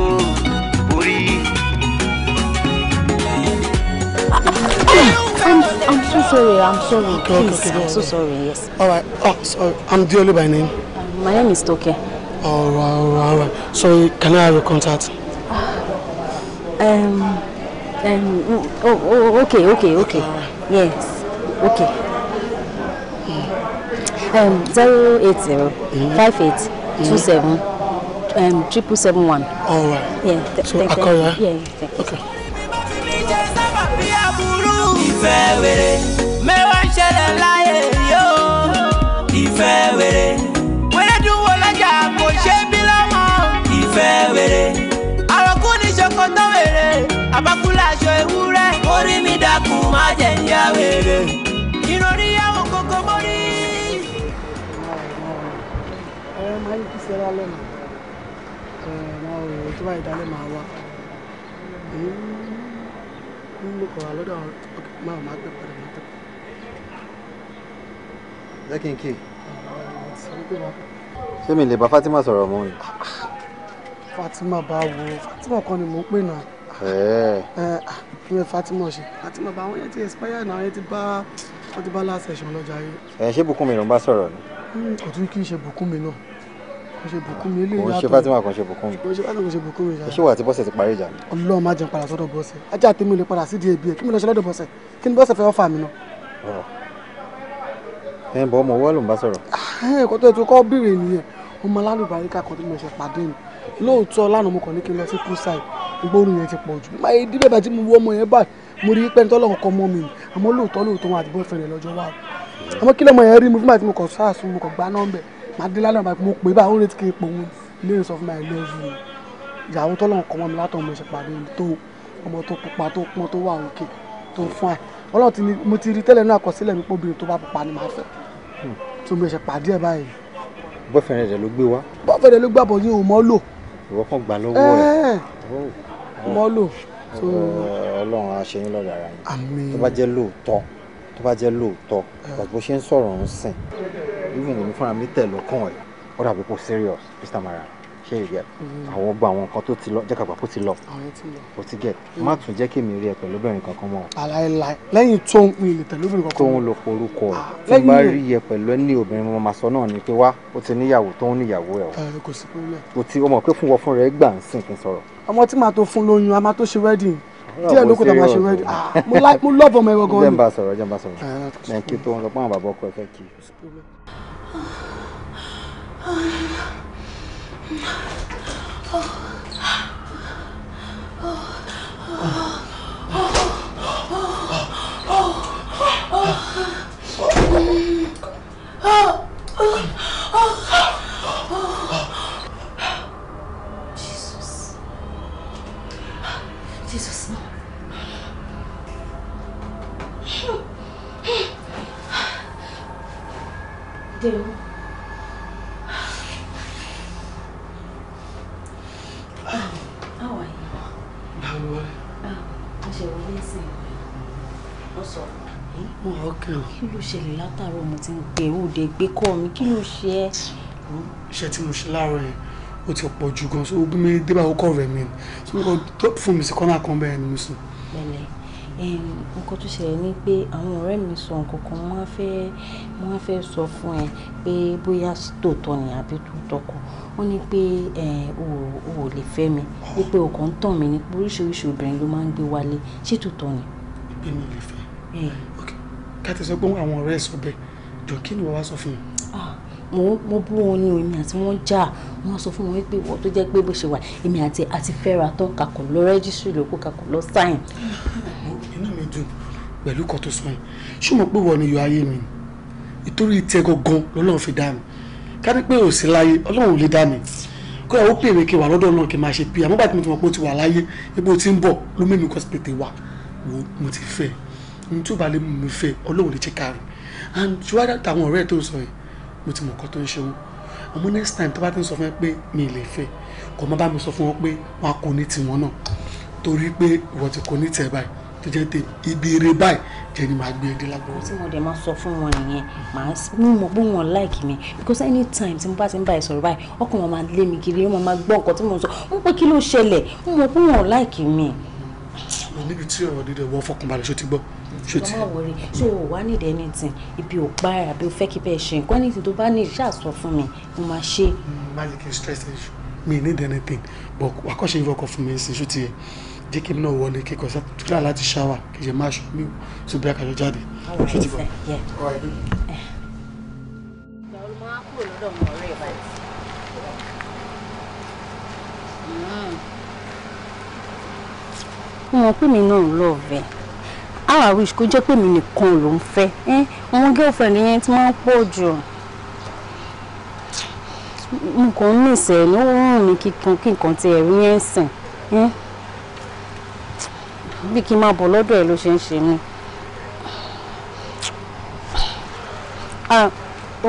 Speaker 1: orí.
Speaker 3: Ah, ah, ah. I'm, I'm so sorry. I'm sorry. Okay, Please, okay, okay,
Speaker 8: I'm so sorry. Yes. All right. Oh, sorry. I'm Diole by name. Um, my name is Toke. All right, all right, all right. Sorry, can I have your contact?
Speaker 3: Um, um, oh, oh, okay, okay, okay. Right. Yes, okay. Mm. Um, 080 mm. 58 mm. 27 um, 7771. All right. Yeah, th so thank you. Yeah, thank you. Okay
Speaker 1: ìfẹ́ wèrè. mẹ́wàá ń ṣẹlẹ̀ láyé yóò.
Speaker 2: ìfẹ́ wèrè.
Speaker 1: wèrè dùn wò lọ́jà kò ṣe bí lọ́mọ.
Speaker 2: ìfẹ́ wèrè.
Speaker 1: àròkù ní ṣòkòtò wèrè. àbákú láṣọ ewúrẹ́. orí mi dákun má jẹ́ ń yá wèrè. ìròrí yàwó kókó mórí. ẹ̀rọ máa ń kí sẹ́ra lẹ́nu
Speaker 8: ẹ̀rọ tó bá yẹ dálé máa wá èyí ń lò kọ̀ wá lọ́dọ̀ máa máa pẹ́ padà máa pẹ́.
Speaker 11: jẹ́ kí n kí. Fatima sọ̀rọ̀ mọ́ ni.
Speaker 8: Fatima bá Fatima quando ni mò ń pè náà. Fatima hoje Fatima bá àwọn yẹn ti expire náà àwọn yẹn ti bá wọ́n lá se chamou já lọ́jà
Speaker 11: yìí. ẹ ṣé Bùkúnmi basta ń bá o
Speaker 8: ni. kò tún kí n kò ṣe bùkún mi eléyìí yàtọ̀ kò ṣe Fatima
Speaker 11: kò ṣe bùkún mi kò
Speaker 8: ṣe Fatima kò ṣe bùkún mi. ṣé wà
Speaker 11: tí bọ́sẹ̀ ti parí ìjà.
Speaker 8: Ọlọ́run má jẹun padà sọ́dọ̀ bọ́sẹ̀ ajá tèmi lè padà sídìí ẹbí ẹ kí mi lọ ṣe lọ́dọ̀ bọ́sẹ̀ kí ni bọ́sẹ̀ fẹ́ fà mí náà.
Speaker 11: ẹ ń bọ ọmọ owó ló ń bá sọ̀rọ̀.
Speaker 8: ẹ̀kọ́ tó yẹ tó mọ̀ ṣe pàdé mi máa yẹ díbẹ̀ bá tí mo àmọ́ lóòótọ́ lóòótọ́ wọn àti rí mo fún mi àti mo kàn sáà sùn mo kàn gbá nọ́mbẹ̀ màdé lálẹ́ ọ̀ma mo pè bá ó retí kí n pò wọn lyrics of my love you ìyàwó tọ́lọ̀ ń kọ́ mọ́ mi látọ̀ mo ṣe pàdé tó ọmọ tó pupa tó pọ́n tó wà òkè tó hmm. fún ẹ ọlọ́ọ̀tì ni mo ti rí tẹ́lẹ̀ náà àkọsílẹ̀ mi pé obìnrin tó bá pupa ni màá fẹ́ tó hmm. mo ṣe pàdé ẹ báyìí.
Speaker 11: bọ́fẹ̀rẹ̀ rẹ̀ ló gbé wá. bọ́fẹ̀rẹ̀ ló gbàbọ̀ yín ò mọ́ lò. ìwọ kàn gbà lọ́wọ́ ẹ̀ eh, oh. mọ́ lò. Oh. Eh, ọlọ́run á ṣe yín lọ́dọ̀ ara
Speaker 4: yín tó bá
Speaker 11: jẹ́ lóòótọ́ tó bá jẹ́ lóòótọ́ ah. but bó ṣe ń sọ̀rọ̀ ń sìn even èmi fúnra mi tẹ̀ lọ́kàn ẹ̀ ó dàbí kò serious Mr. Mara ṣe ìgbẹ́ mm. àwọn ọgbà àwọn nǹkan tó ti lọ jẹ́ kàgbà kó ti lọ kó ti gẹ̀ má mm. tún jẹ́ kí èmi rí ẹ pẹ̀lú obìnrin kankan mọ́.
Speaker 8: aláìláì lẹ́yìn tó ń pin ìlẹ̀ tẹ̀lé obìnrin kankan. tóun
Speaker 11: lo orúkọ ẹ ah, tí bá rí ẹ pẹ̀lú ẹni obìnrin mo máa sọ náà ni pé wá ó ti níyàwó tó ń níyàwó ẹ o. Ah, kò sí pé ó lẹ̀. o ti ọmọ pé fún wọn fún rẹ gbà ń sìn kí n sọ̀rọ̀.
Speaker 8: ọmọ tí màá tó fún lóyún a máa tó ṣe wedding díẹ̀ ló kó tó máa ṣe wẹ́ẹ̀dì mo lọ́ọ̀bù
Speaker 11: ọmọ ẹ̀wọ̀ gan-an. jẹ́nba sọ̀rọ̀ jẹ́nba sọ̀rọ̀ ẹ̀ kí tó ń sọ pé àwọn bàbá ọkọ ẹ̀ fẹ́ kí. Oh!
Speaker 3: jẹun. How are you? Báwo wá? Ah, mo ṣe wọlé sí i. Ó sọ. Mo rọ kàn. Kí ló ṣẹlẹ̀ látàárọ̀ mo ti ń gbé òde gbé kọ́ mi? Kí ló ṣe ẹ́? Iṣẹ́ tí mo ṣe láàárọ̀ yẹn
Speaker 8: ó ti pọ̀ jù gan-an. So gbé mi débà ó kọ̀ rẹ̀ mi. So mo fún mi sí kọ́nà kan bẹ́ẹ̀ ni mo sùn.
Speaker 3: Bẹ́ẹ̀ni nǹkan tó ṣẹlẹ̀ ni pé àwọn ọ̀rẹ́ mi sọ nǹkan kan mo wá fẹ́, mo wá fẹ́ sọ fún ẹ pé bóyá tòótọ́ ni àbí tòótọ́ kọ́. Wọ́n ní pé o lè fẹ́ mi, wípé o kàn ń tàn mí ni pé oríṣiríṣi obìnrin ló máa ń gbé wálé. Ṣé tòótọ́ ni? Pé mi ò lè fẹ́. Ok, ká ti sọ pé àwọn ọ̀rẹ́ ẹ sọ bẹ́ẹ̀, jọ̀ọ́ kí ni ìwọ wá sọ fún mi? Ah, mo bú wọn ni o, èmi àti wọn jà, wọ́n sọ fún wọn wípé ìwọ tó jẹ́ pé bó ṣe wà èmi àti àti fẹ́ra tán kakọ̀ lọ rẹ́jísírì lóko kakọ̀ lọ sáyìn. inú mi dùn pẹ̀lú kan tó sọ yẹn ṣùgbọ́n pé wọ́n ni yọ ayé mi
Speaker 8: nítorí tẹ gangan lọ́lọ́run fi dá mi ká ní pé òsì láyé ọlọ́run ò lè dá mi kó yà ó pè mí kí wà lọ́dọ̀ náà kí n máa ṣe pé àmọ́ bàtí mo ti mọ̀ pé ó ti wà láyé ebi ó ti ń bọ̀ ló mímu kọ́ sí tètè wà wo mo ti fẹ́ ní tí ó bá lè mú mi fẹ́ ọlọ́run lè jẹ́ ká rìn and ṣùgbọ́n àtàwọn ọ̀rẹ́ tó ń sọ yẹn mo ti mọ̀ kọ́ tó ń ṣe wọn àmọ́ next time tó bá ti ń sọ fún ẹ pé mi lè fẹ́ kò má bá mi sọ fún wọn pé wọn á kó ní tiwọn náà torí pé ìwọ ti kó ní tẹ báyìí tó jẹ́ tèmi ibi eré báyìí jẹ́ ni màá gbé ẹdín lágbóró. tí mo dẹ̀ máa sọ fún wọn ìyẹn
Speaker 3: màá mú mọ pé wọn like mi because anytime tí mo bá ti ń bá ẹ sọ̀rọ̀ báyìí ọkàn wọn máa lé mi kiri wọn máa gbọ́ nǹkan tí mo sọ mo pé kí ló ṣẹlẹ̀ mo mọ pé wọn like mi kò níbi
Speaker 8: tí ọ̀rọ̀ dídẹ̀ wọ́n fọkànbalẹ̀ ṣó ti gbọ́ ṣó ti. ọmọ
Speaker 3: wòre ṣé o wà nídìí anything ibi ò pa ẹ àbí o fẹ́ kí bẹ́ẹ̀ ṣe nǹkan ní ìsìn tó bá ní ìṣáà sọ fún mi mo máa ṣe. Mm, má jẹ́ kí n stress ẹ ṣù
Speaker 8: mi need anything but àkọ́ṣe yìí fọkàn fún mi ṣe ṣó ti yẹ jẹ́ kí n náà wọlé kí kò sáà láti ṣáwà kì í ṣe máa ṣọ mi So bí akàjọ jáde ṣó ti bọ̀.
Speaker 4: ìgbà
Speaker 3: mọ̀ pé mi náà love our wish kó jẹ́ pé mi nìkan ló ń fẹ́ àwọn girlfriend yẹn ti máa ń pọ̀ jù nǹkan ń nìṣẹ́ ló ń rùn mí kíkan kíkan tí ẹ̀rí yẹn ń sìn bí kí n máa bọ̀ lọ́dọ̀ ẹ̀ ló ṣe ń ṣe mí. ó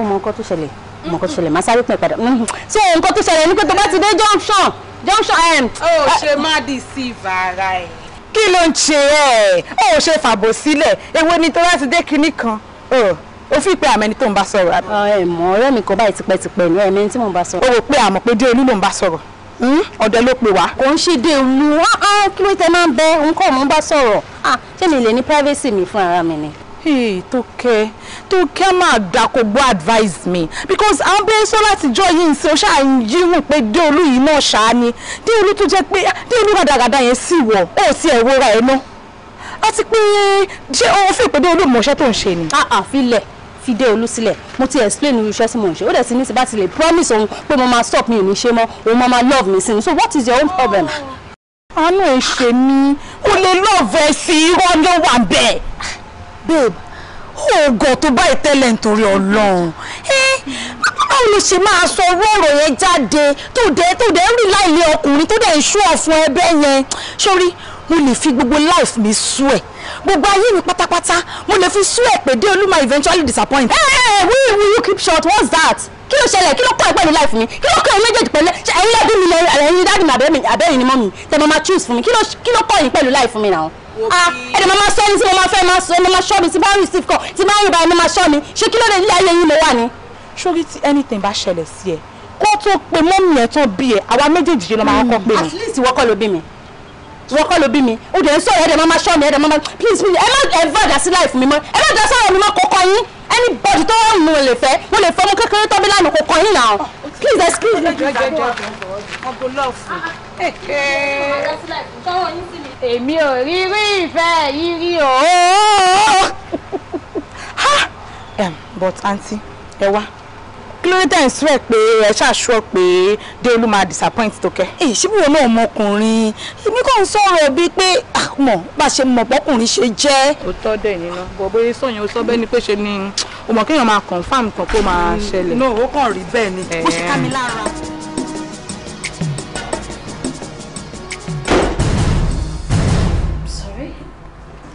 Speaker 3: mọ nǹkan tó ṣẹlẹ̀ mọ nǹkan tó ṣẹlẹ̀ máa sáré pẹ̀ padà mm-hmm.
Speaker 1: so nǹkan tó ṣẹlẹ̀ ni pé tó bá
Speaker 3: ti dé junction junction. ó oh, ṣe má dì sí ìbára ẹ̀ kí ló ń ṣe ẹ ó ṣe fàbò sílẹ̀ èwo ni tó láti dé kinní kan ó fi pé àmẹ́ni tó ń bá sọ̀rọ̀ àbí. ẹ mọ ọ̀rẹ́ mi kò báyìí tipẹ́tipẹ́ ni ẹ̀mí tí mò ń bá sọ̀rọ̀. o rò pé àmọ̀ pé dé olú ló ń bá sọ̀rọ̀ hmm? ọ̀dọ̀ ló pè wá. kò ń ṣe dé olú ah, ah, kí ló tẹ máa ń bẹ òun kọ́ mò bá sọ̀rọ̀ ah, ṣé mi lè ní privacy mi fún ara mi ni hey Tókẹ́ Tókẹ́ máa dà kó gbọ́ advise me because àwọn bẹ́ẹ̀ sọ láti jọ yìí nsìn ó ṣáà ń yíwùn pé Déolú yìí náà ṣáá ni Déolú tó jẹ́ pé Déolú gàdàgàdà yẹn sì wọ̀ ó sì ẹ̀ wọra ẹ̀ náà àti pé ṣé o fi ìpèdè olùmọ̀ọ́ṣẹ́ tó ń ṣe ni. àà filẹ̀ fi Déolú sílẹ̀ mo ti explain irú iṣẹ́ tí mo ń ṣe ó dẹ̀ ti ní ti bá ti lè promise òun pé mo máa stop mi ò ní ṣe mọ́ òun máa love mi sí so what is your own problem. àánú ẹ̀ ṣe mí kò lè lọ́ọ̀vẹ̀ sí irọ́ ló wà babe oògùn tó bá ìtẹ́lẹ̀ nítorí ọlọ́run báwo ló ṣe máa sọ owó ọ̀rọ̀ yẹn jáde tó dẹ̀ tó dẹ̀ rí láìlé ọkùnrin tó dẹ̀ ń ṣú ọ̀fun ẹbẹ̀ yẹn sórí mo lè fi gbogbo life mi sú ẹ gbogbo ayé mi pátápátá mo lè fi sú ẹ pé dé olúmọ eventually disappoint. ẹ ẹ ẹ will will you keep short what's that kí ló ṣẹlẹ̀ kí ló kọ́ ẹ pẹ̀lú life mi kí ló kọ́ ẹ méjèèjì pẹ̀lú ẹ̀yin lẹ́bí mi ẹ̀yin dáàbì mi àbẹ́yìn ni mọ́ mi tẹ̀ mọ́ ma choose fún mi kí ló kọ́ ẹ̀yin pẹ̀lú life mi náà
Speaker 1: ah, ah ẹni máa sọ ní tí mo máa fẹ́ máa sọ ẹni máa ṣọ́ mi
Speaker 3: tí bá receive call tí bá ń rìbá ẹni máa ṣọ́ mi ṣé kí ló lè ní ayé yín mo wà ní. sórí tí anything bá ṣẹlẹ̀ sí ẹ kó tó pe mọ́mì ẹ̀ tó bí ẹ àwa méjèèjì ṣe ló máa kọ́ pé mi. at least wọ́n kọ́ ló bí mi wọ́n kọ́ ló bí mi ó dẹ̀ ń sọ̀rọ̀ ẹ̀ dẹ̀ máa ṣọ́ mi ẹ̀ dẹ̀ máa please please ẹ má ever dá sí life mi mọ́ ẹ má dá sọ̀rọ̀ mi mọ́ kọ́kọ́ yín anybody tó wọ́n mú lè fẹ́ mo lè fẹ́ ọmọ kékeré tó bí lánàá kọ́kọ́ yín náà please excuse me èmi ò rí rí ìfẹ́ yìí rí o. but aunty ẹ wá kí ló dé tẹ̀ ń sún ẹ̀ pé ẹ ṣàṣọ pé déolú máa disappoint tókẹ́. èyí síbúrò náà ọmọkùnrin èmi kàn ń sọ̀rọ̀ bíi pé àmọ̀ bá a ṣe mọ̀ pọ́kùnrin ṣe jẹ́. ó tọ́ dẹ̀ nínú bọ̀bọ̀ yìí sọ̀yìn ó sọ bẹ́ẹ̀ ni pé ṣe ni o mọ̀ kéèyàn máa confam kan kó máa hmm. ṣẹlẹ̀. no ó kàn rí bẹ́ẹ̀ ni eh. ó ṣe ká mi lára.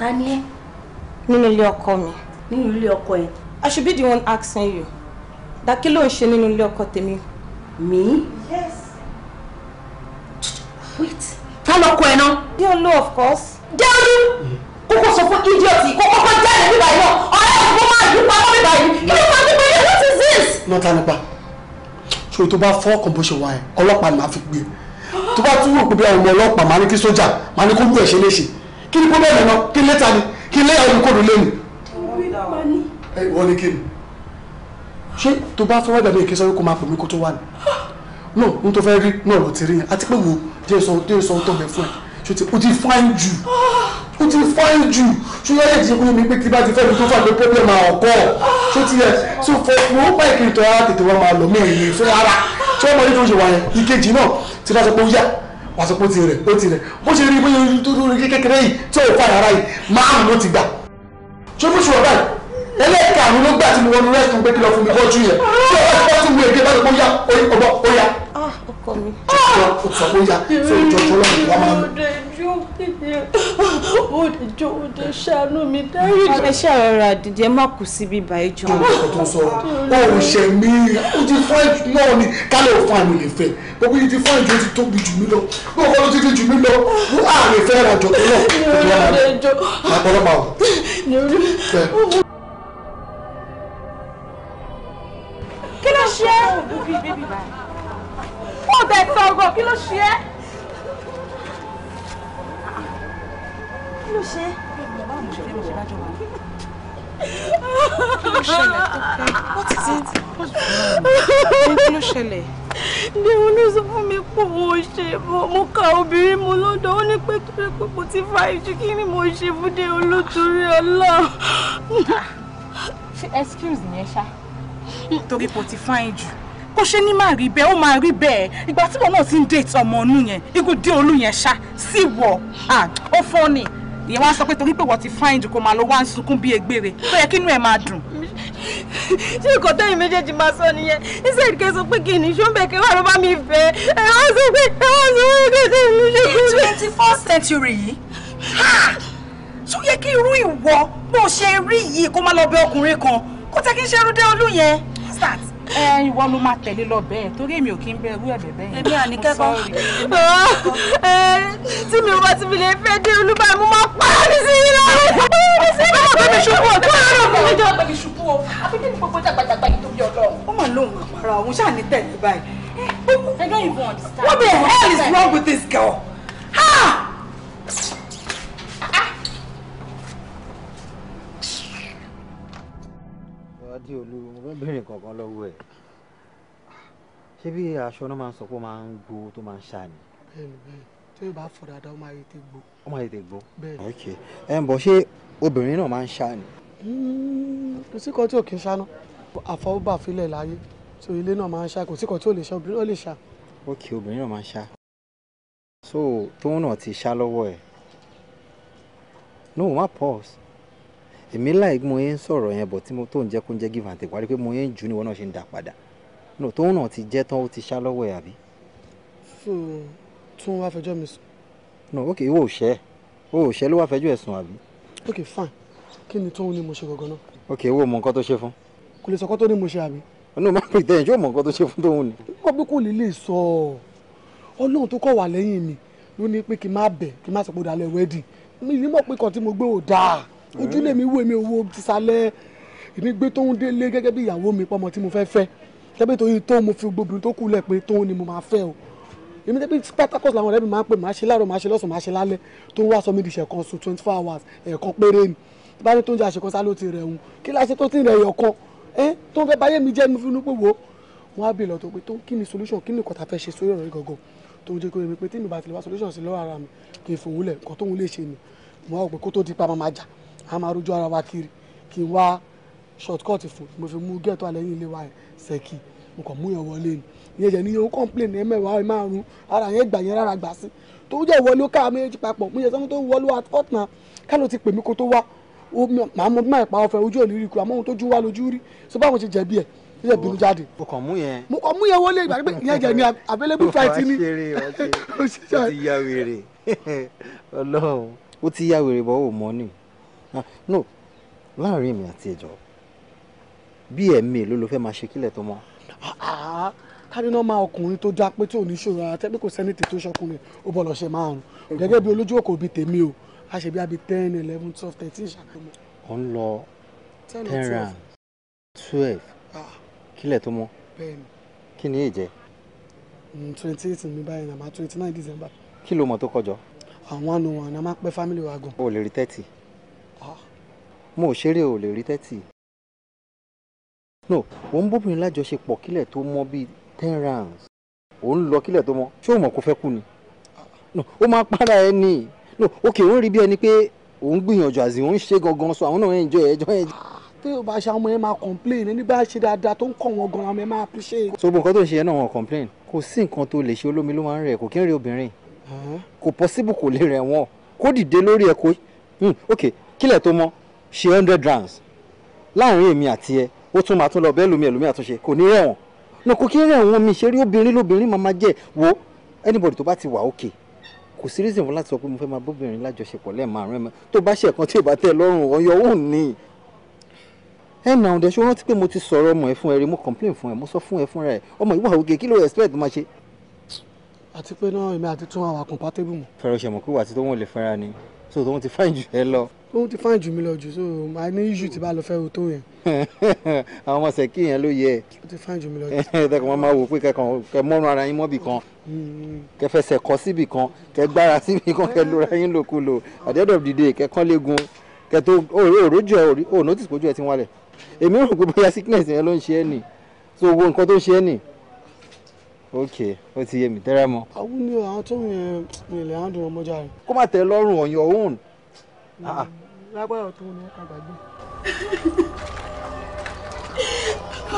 Speaker 3: ta ni ẹ. nínú ilé ọkọ mi. nínú ilé ọkọ ẹ. I should be the one asking you dá kí ló ń ṣe nínú ilé ọkọ mi. yes. wait. ta ló kọ ẹ náà. Deolu of course. Deolu
Speaker 4: koko sọ fún idiot yìí kókó kó jáde nígbà yìí náà ọ̀rẹ́
Speaker 3: ìfowópamọ́ máa yí pa mọ́ nígbà yìí
Speaker 4: kí ló máa gbé pẹ̀lú what is
Speaker 8: this. nọta nípa ṣòro tó bá fọ́ ọkàn bó ṣe wà ẹ ọlọ́pàá ni màá fi gbé e. tó bá tún rò pé bí àwọn ọmọ ọlọ́pàá máa ní kí sójà máa ní kó lù ẹ̀ ṣe kí ni pọ́bẹ́ẹ̀mù náà kí lẹ́tà ni kí lẹ́yà olùkọ́dù lẹ́nu. wọ́n ní kí ni ṣé tó bá fẹ́ wá gbàgbé ìkẹsọ́ yóò kó máa pè mí kó tó wà ní. no n tó fẹ́ rí náà lọ ti rí yẹn àti pé wo díẹ̀ sọ díẹ̀ sọ tó bẹ̀ fún ẹ̀ ṣó ti o ti fáìn jù
Speaker 7: o ti fáìn jù ṣó yẹ ẹ̀jẹ̀ kúrò mi pé tí bá ti fẹ́ mi tó fà pé problem àkọ́ ṣó ti yẹ so fọ mo bá ìkiri tọ́ ara tètè wá máa lọ mí ẹ̀yìn fún ara ṣé ọmọ yìí tó ṣe wà ìkejì náà ti dá sọ pé ó yá wàá sọ pé ó ti rẹ̀ ó ti rẹ̀ bó ṣe rí bóyá ojú tó dúró kékeré yìí tí ò fàyàrá yìí márùn ló ti gbà ṣé fún ṣùgbọ́n ló gbà tí mo wọnú rẹ́sítùn pé kí lọ fún mi kọ́ yẹn tí ọ̀rẹ́ ti bá tún wú èké bá ti kó ó yá
Speaker 3: ọkọ mi. ó sọ pé ya ṣe ìjọjọ lọ́wọ́ wa máa ń. ó dé jó ó dé ṣàánú mi dárí. ẹ ṣe àrọ̀rọ̀ àdìdì má kù síbi ìbà kí ló
Speaker 7: tó sọ̀rọ̀ ó ṣe mí ó ti fọ́ ẹ̀jú náà ni kálọ̀ fún àmì lè fẹ́ gbogbo yìí ti fọ́ ẹ̀jú ti tóbi jù mí lọ gbogbo ló ti di jù mí lọ wọ́n á fẹ́ ra jọ̀kọ́ náà.
Speaker 4: ní orí ẹjọ́
Speaker 3: kí ló ṣe é ó dẹ̀ sọ̀rọ̀ kí ló ṣe é. kí ló ṣe é. kí ló ṣẹlẹ̀ tó fẹ́
Speaker 4: what is it what's
Speaker 3: wrong kí ló ṣẹlẹ̀ ní olóòsàn fún mi pò mo ṣe mo ka obìnrin mo lọ́dọ̀ ó ní pé torí pé mo ti fa ìjú kí ni mo ṣe fúnde olótorí ọlá. Ah, excuse me ẹ ṣá. torí pò ti fa ìjù bó ṣe ní máa rí bẹ́ẹ̀ ó máa rí bẹ́ẹ̀ ìgbà tí wọn náà ti ń date ọmọ ọ̀nù yẹn igun dé olú yẹn ṣá sí wọ ó fọ́ ni ìyẹn wá sọ pé torí pé wọ́n ti fáìn jù máa lọ wá ń sunkún bí egbére tó yẹ kí inú ẹ̀ máa dùn. ṣé nǹkan tẹ́yìn méjèèjì máa sọ nìyẹn ṣé ìdíkẹ́ sọ pé kí ni ṣọ́nbẹ̀kẹ́ wà ló bá mi fẹ́ ẹ̀ wá
Speaker 4: sọ pé ẹ̀ wá sọ pé kí ni ṣe kí ni. twenty
Speaker 3: first century yìí tó yẹ kí irú ìwọ bó ṣe rí yìí kó má lọ bẹ ọkùnrin kan kó tẹ́ kí ń ṣerú dé olú yẹn. start ẹ ìwọ ló máa tẹ̀lé lọ bẹ́ẹ̀ torí èmi ò kí ń bẹ irú ẹ̀bẹ̀ bẹ́ẹ̀. èmi àní kẹ́kọ̀ọ́ tí mi ò bá ti fi lè fẹ́ dé olúbà mo máa pa á ní sí yín lọ́rùn. báwo bẹ́ẹ̀ mi ṣubú o tó lọ́rùn mi. bẹ́ẹ̀ jọba mi ṣubú o àfi ni gbogbo dàgbàdàgbà yìí tó ọlọ́run. ó mà lóun àpárá òun ṣáà ní tẹ̀lé báyìí. I don't even understand. What the hell is wrong with
Speaker 11: this girl? Ha! dé olú mo fẹ́ bẹ̀rẹ̀ kankan lọ́wọ́ ẹ̀ ṣé bí aṣọ náà máa ń sọ pé ó máa ń gbó tó máa ń ṣá ni.
Speaker 8: bẹ́ẹ̀ni bẹ́ẹ̀ni tí yóò bá fọ dáadáa ó máa yẹ tẹ gbó.
Speaker 11: ó máa yẹ tẹ gbó. bẹ́ẹ̀ni ok ẹ ń bọ̀ ṣé obìnrin náà máa ń ṣá ni.
Speaker 8: Hmm, kò sí kan tí ò kí ń ṣáná àfọwọ́bà filẹ̀ láyé so ilé náà máa ń ṣá kò sí kan tí ò lè ṣá obìnrin náà lè ṣá.
Speaker 11: ok obìnrin náà máa ń ṣá so tóun náà ti ṣá lọ́wọ́ ẹ̀ no má pause èmi láìpẹ́ mo yẹn ń sọ̀rọ̀ yẹn bọ̀ tí mo tó ń jẹ́ kó ń jẹ́ give and take wá pé mo yẹn ń jù níwọ̀n náà ṣe ń dà padà no tóun náà ti jẹ́ tán ó ti ṣá lọ́wọ́ ẹ̀ àbí. so tún wá fẹjọ́ mi sùn. no ok ìwọ òṣẹ ìwọ òṣẹ ló wá fẹjọ́ ẹ̀ sùn àbí.
Speaker 8: ok fine kí ni tóun ni mo ṣe gangan náà.
Speaker 11: ok ìwọ mọ nǹkan tó ṣe fún.
Speaker 8: kò lè sọ kó tó ní mo ṣe àbí.
Speaker 11: no má pè tẹ́yìn yóò mọ nǹkan tó ṣe fún tóun ni.
Speaker 8: kọ́ bí kò lè lè sọ wedding mi ní mọ̀ pé kan ojúlé mi wò mí owó sísàlẹ̀ èmi gbé tóun délé gẹ́gẹ́ bí ìyàwó mi pọ́mọ tí mo fẹ́ fẹ́ tẹ́bí tó yin tóun mo fi gbogbo obìnrin tó kù lẹ̀ pé tóun ni mo máa fẹ́ o èmi tẹ́bí spartacus làwọn ọ̀rẹ́ mi máa ń pè máa ṣe láàárọ̀ máa ṣe lọ́sàn máa ṣe lálẹ́ tó ń wá sọ mi dìṣẹ̀ kan sùn twenty four hours ẹ̀ẹ̀kan péré ni tí bá ní tó ń jẹ àṣekọ́ sá ló ti rẹ̀ òun kí láṣẹ tó ti rẹ̀ ẹ̀yọ̀ kan ẹ́ tó ń fẹ́ báyé mi jẹ́ mi fi inú pò wò wọ́n á bè lọ́tọ̀ pé tó kí ni solution kí ni nǹkan tá a fẹ́ ṣe sórí ọ̀rọ̀ yìí gọ̀gọ̀ tó ń jẹ́ kó yẹ mi pé tí mi bá ti lè wá solution sí lọ́wọ́ ara mi kì í fòwúlẹ̀ nǹkan tóun lè ṣe ni mo wá wò pé kó tó di pa máa jà a máa rojú ara wa kiri kí n wá shortcut fún mo fi mú gẹ́tọ̀ alẹ́ yìí lé wa yẹn mo kàn mú yẹn wọlé ni ìyẹn jẹ́ ní o complain ẹ mẹ́wàá ẹ máa run ara yẹn gbà yẹn rárá gbà sí tó jẹ́ ìwọlé ká méjì papọ̀ mo yẹ sọ́mu tó wọlé wa fọ́tnà kálọ̀ ti pè mí kó tó wá màá mọ bí máa pa ọfẹ ojú òní rí kúrò àmọ́ ohun tó jú lójú rí so báwọn ṣe jẹ̀bi ẹ̀ ilé ìbínú
Speaker 11: jáde. mo kàn mú yẹn.
Speaker 8: mo kàn mú yẹn wọlé ìgbà pé ìyẹn jẹ ní available fight ni.
Speaker 11: o ti ya wèrè ọlọ́run o ti ya wèrè bọ́ ò mọ́ nìyí. Ah, no láàrin èmi àti ẹ̀jọ̀ bí ẹ̀mí ló ló fẹ́ máa ṣe kílẹ̀ tó mọ́. Ah, kádínà máa ọkùnrin tó dá pé tí ò ní ṣòro ara
Speaker 8: tẹ́bí kò sẹ́ni tètè ṣọkùnrin ó bọ̀ lọ ṣe márùn-ún gẹ́gẹ́ bí olójú òkò bíi tèmi o a ṣe bí abi ten eleven twelve thirteen ṣàkóso.
Speaker 11: ó ń lọ ten rand twelve ah. kílẹ̀ tó mọ́ kí ni èjẹ́.
Speaker 8: Hmm, twenty eight mi báyìí nàmá twenty nine december.
Speaker 11: kí ló mọ̀ tó kọjọ.
Speaker 8: àwọn àna wọn oh a máa pẹ́ family wa gan.
Speaker 11: o lè rí thirty mo ò ṣeré o lè rí thirty no òun bóbìnrin lájọṣepọ̀ kílẹ̀ tó mọ́ bíi ten rounds òun lọ kílẹ̀ tó mọ́ ṣé o mọ̀ kó fẹ́ kú ni no ó máa para ẹ ní no òkè òun rí bí ẹni pé òun gbìyànjú àzì òun ṣe gangan so àwọn náà enjoy ẹjọ́ ẹjọ́
Speaker 8: tí o bá ṣe àwọn ọmọ yẹn máa complain ẹni bá ṣe dáadáa tó ń kọ́ wọn gan-an ẹ máa appreciate.
Speaker 11: so gbogbo nǹkan tó ń ṣe yẹn náà wọn complain kò sí nǹkan tó lè ṣe olómi ló máa ń rẹ̀ kò kí ń rí obìnrin kò possible kò lè rẹ̀ wọ́n kó dìde lórí ẹ̀ kó hmm, ok kílẹ̀ tó mọ́ ṣe hundred rounds láàrin èmi àti ẹ ó tún máa tún lọ bẹ́ẹ̀ lómi ẹlòmíì àtúnṣe kò ní rẹ̀wọ̀n náà kò kí rẹ̀wọ̀n mi ṣe rí obìnrin lóbìnrin máa máa jẹ́ wo anybody tó bá ti wà okay kò sí reason fún láti sọ pé mo fẹ́ máa bóbìnrin lájọṣepọ̀ lẹ́ẹ̀márùn ẹ̀mọ́ tó bá ṣe ẹ̀kan tí ò bá tẹ̀ lọ́rùn ọ̀yọ́ ò ní. ẹ nà ọ̀dẹ̀ ṣó rántí pé mo ti sọ̀rọ̀ ọmọ ẹ fún ẹ rí mo complain fún ẹ mo sọ fún ẹ fúnra ẹ ọmọ ìwà òkè kí ló expect máa ṣe.
Speaker 8: àti pé náà èmi àti tún àwọn compatible mọ.
Speaker 11: fẹ́rẹ̀ ṣẹ̀mọ̀ pé wà ti tó wọn lè fẹ́ra ni so tó wọn ti fáìn jù ẹ lọ
Speaker 8: ó ti fáìn jù mí lọ jù so màá ní iṣu tí bá lọ fẹ́ o tó yẹn.
Speaker 11: àwọn ọmọ sẹ́kì yẹn ló yẹ.
Speaker 8: ó ti fáìn jù mí lọ jù.
Speaker 11: ẹ tẹkọ̀ wọn máa wò pé kẹkàn kẹ mọ́nu ara yín mọ́bì kan mm-hmm. kẹ fẹsẹ̀ kọ síbì kan kẹ gbára síbì kan kẹ lóra yín lòkulò at the end of the day kẹ kán léegun kẹ tó òrójú ẹ òrí ò notice pójú ẹ ti wálẹ̀ èmi rò pé bóyá sickness yẹn ló ń ṣe ẹ́ nì so wo nǹkan tó ń ṣe ẹ́ nì ok o ti yé mi tẹ́rẹ́ mọ́.
Speaker 8: àwọn ní àwọn tó ń yẹn ìrìnlẹ̀ àádùn ọmọjà rẹ̀.
Speaker 11: kó má tẹ lọ́rùn on your own. Mm ah, ah lágbára tó ní ká gbàgbé.
Speaker 4: Ah!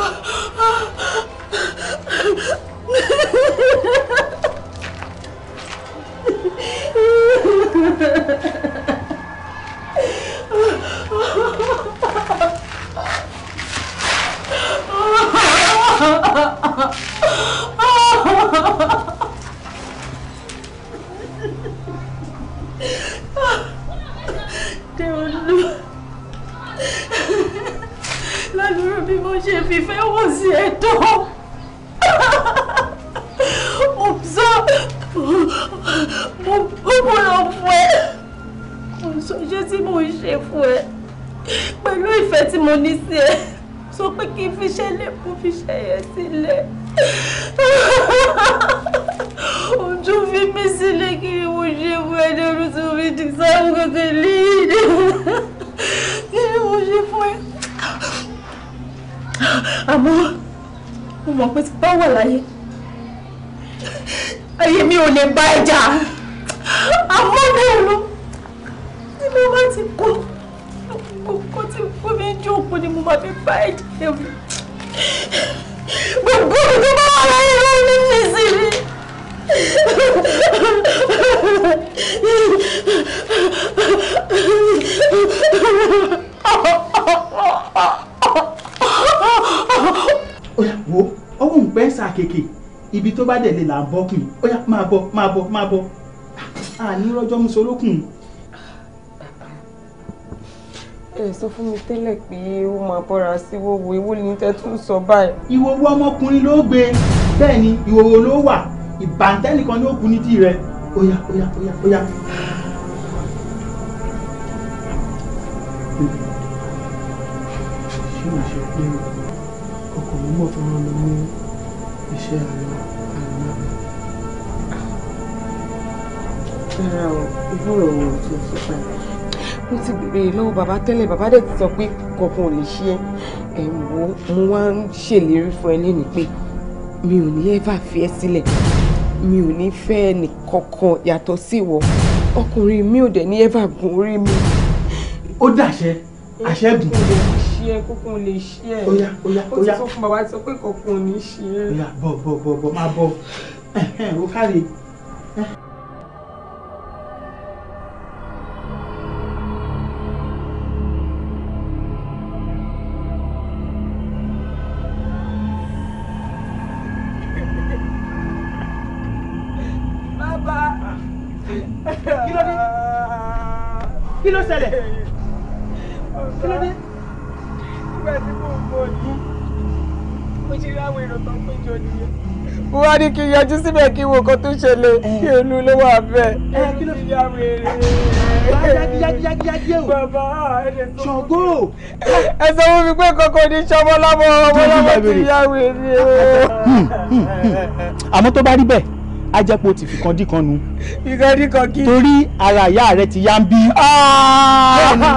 Speaker 4: Déolú lálùrù bí mo ṣe
Speaker 3: fìfẹ́ wò sí ẹ tó òbúsọ mo bọ̀rọ̀ fún ẹ òṣìṣẹ́ tí mo ń ṣe fún ẹ pẹ̀lú ìfẹ́ tí mo ní sí ẹ sọ pé kí n fi ṣẹlẹ̀ mo fi ṣẹyẹ sílẹ̀ ojú fi mí sílẹ̀ kí ni mo ṣe fún ẹni ọdún tí mo fi di sáré kankan léde kí ni mo ṣe fún ẹ. àmọ́ mo mọ̀ pé ti bá wà láyé ayé mi ò lè bá ẹ jà àmọ́ bẹ́ẹ̀ lọ tí mo bá ti kú kókó tí kò fi ń jókòó ni mo máa fi bá ẹ̀jẹ̀ mi.
Speaker 4: gbogbo mi tó bá wà láyé ló ní mi sí mi.
Speaker 10: Oya wo ọwọ́ ń pẹ́ sáà kéèké ibi tó bá dẹ̀ lè là ń bọ́ kùn. Oya máa bọ̀ máa bọ̀ máa bọ̀. Àní rọ́jọ́ mú solókùn
Speaker 3: ẹ sọ fún mi tẹ́lẹ̀ pé ó máa bọ́ra sí wọ́wọ́ ewó ni tẹ́ tún sọ báyìí. ìwòwò ọmọkùnrin ló gbé bẹ́ẹ̀ ni ìwòwò ló wà ìbàǹtẹ́nìkan
Speaker 10: ló kù ní tí rẹ̀ óyá óyá óyá óyá. ṣé o ṣe pé
Speaker 8: ọkọ̀ mi mọ̀ tó rán mi ní iṣẹ́ àná àná mi.
Speaker 2: rárá ìbúrò wo tó ti pa
Speaker 3: ó ti béèrè e lọ́wọ́ bàbá tẹ́lẹ̀ bàbá dẹ̀ ti sọ pé kankan ò lè ṣe é ẹ̀ wò ó mo wá ń ṣèlérí fún ẹ lẹ́nu pé mi ò ní ẹ́fà fi ẹ́ sílẹ̀ mi ò ní fẹ́ ẹnì kankan yàtọ̀ sí ìwọ ọkùnrin mi ò dẹ̀ ní ẹ́fà gun orí mi. ó dàṣẹ
Speaker 10: àṣẹ gùn. ó lè
Speaker 3: ṣe é kankan ò lè ṣe é. ó
Speaker 10: ti sọ fún bàbá sọ pé kankan ò ní ṣe é. bọ̀ bọ̀ bọ̀ bọ̀ máa bọ̀ ó káre.
Speaker 4: ló ṣẹlẹ̀ kí ló dé. nígbà tí mo gbọ́ ni mo ṣe rí àwọn èrò tó ń péjọ nìyẹn. mo wá ní kí n wo nǹkan tó ṣẹlẹ̀ kí olú ló wà bẹ́ẹ̀. ẹ eh,
Speaker 1: kí ló fi yá wèrè.
Speaker 4: yájíyájíyájíyájí o. bàbá pé kankan ní ṣọmọlámọ ọmọlámọ ti yá wèrè hmm, hmm, hmm.
Speaker 10: àmọ́ tó bá rí bẹ́ẹ̀ á jẹ́ pé o ti fi kan dí kan nu. ìkan dí kan kí. torí ara ìyá rẹ ti yá ń bí. bẹ́ẹ̀ni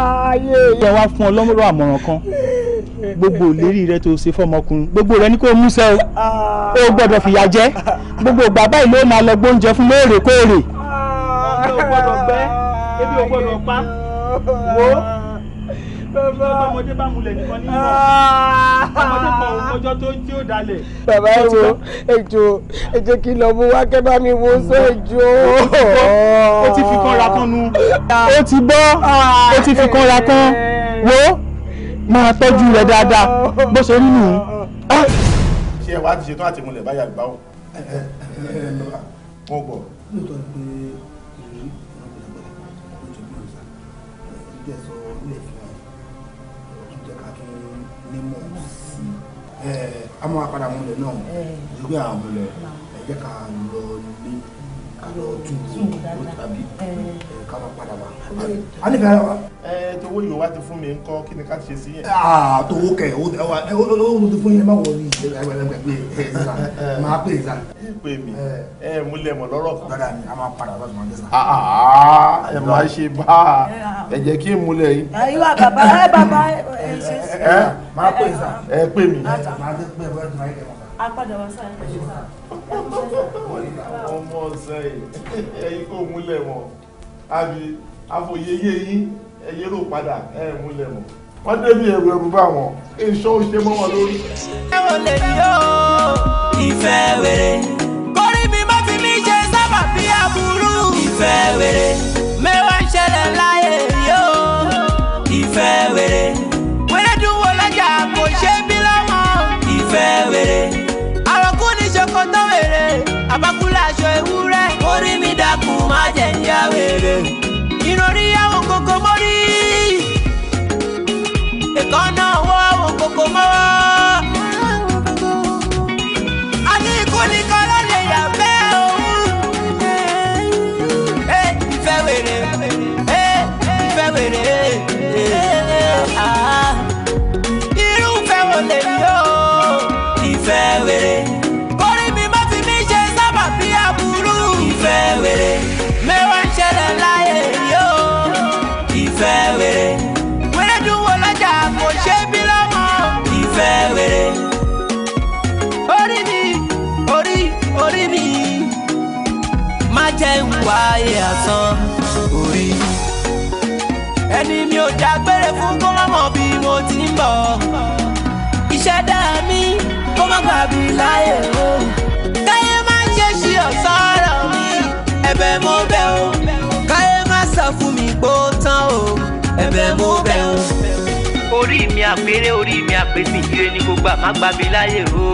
Speaker 10: ìyá wa fún ọ lọ́rọ̀ àmọ̀ràn kan gbogbo ìlérí rẹ tó ṣe fọmọkùnrin gbogbo rẹ ní kó mú sẹ o ó gbọ́dọ̀ fìyà jẹ gbogbo bàbá ìlú máa lọ
Speaker 7: gbóúnjẹ fún lóòrèkóòrè.
Speaker 10: ọ̀gá ò gbọ́dọ̀ gbẹ́ ebi ò gbọ́dọ̀ pa wo bàbá ọmọdé bá múlẹ̀ nìkan ní ìwọ
Speaker 4: ọmọdé kan ọjọ́ tó tí ó dalẹ̀. bàbá ẹ wo ẹjọ́ ẹ jẹ́ kí lọ mú wá kẹ́ bá mi wo sọ ẹjọ́. ó ti fi kọ́ra tán nu. ó ti bọ́ ó ti fi kọ́ra tán wo máa tọ́jú rẹ̀ dáadáa bó ṣe rí nìyí. ṣé ẹ wá ti ṣetán àti múlẹ̀ báyà gbáwò.
Speaker 9: wọ́n gbọ́. lóòótọ́ ni pé
Speaker 6: ní mọ̀ ẹ̀ a máa padà múlẹ̀ náà ìgbé àwọn múlẹ̀ ẹ̀ jẹ́ ká lọ ní ká lọ tún un tàbí ká máa padà wá. a nífẹ̀ẹ́ ara wa.
Speaker 13: ẹ towó yìí wá ti fún mi ńkọ́ kí ni ká ti ṣe sí yẹn. aa towó kẹ owó
Speaker 9: mo ti fún yẹn má wọ ní ẹgbẹgbẹgbẹ ẹ é ṣá.
Speaker 13: pè mí ẹ mú lẹmọ lọ́rọ̀ kan. n múlẹ̀ yìí.
Speaker 1: ìwà bàbá ẹ bàbá ẹ ṣe. ẹ
Speaker 13: pè é ṣá. ẹ pè mí. máa pè é
Speaker 1: a padà wá sáà ẹ ṣe sáà. ọmọ
Speaker 13: ọ̀sẹ̀ yìí kò múlẹ̀ mọ́ àbí àfòyeyé yín ẹ̀yin rò padà ẹ̀ múlẹ̀ mọ́ wọ́n débi ẹ̀rù ẹ̀rù bá wọn èso ò mọ́ wọn lórí.
Speaker 2: ìfẹ́ wèrè. kórìí
Speaker 1: mi má fi mí ṣe sábà bí aburú. ìfẹ́ wèrè. kú láṣọ ewúrẹ́. orí mi dákun má jẹ̀ ń yá wèrè. ìròrí yàwó kòkó mórí. wáyé asán orí. ẹni mi ò dágbére fún kó má mọ̀ bí mo ti ń bọ̀. iṣẹ́ dá mi kó má gbà bí láyé o. káyé má ṣe ṣí ọ̀sán ọ̀rọ̀ mi ẹ̀bẹ̀ mo bẹ̀ o. káyé má sọ fún mi pé ó tán o ẹ̀bẹ̀ mo bẹ̀ o. orí mi àpérè orí mi àpèsè ìrẹ́ni gbogbo àmàgbà mi láyé o.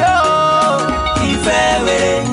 Speaker 1: yóò
Speaker 2: ìfẹ́ rẹ̀.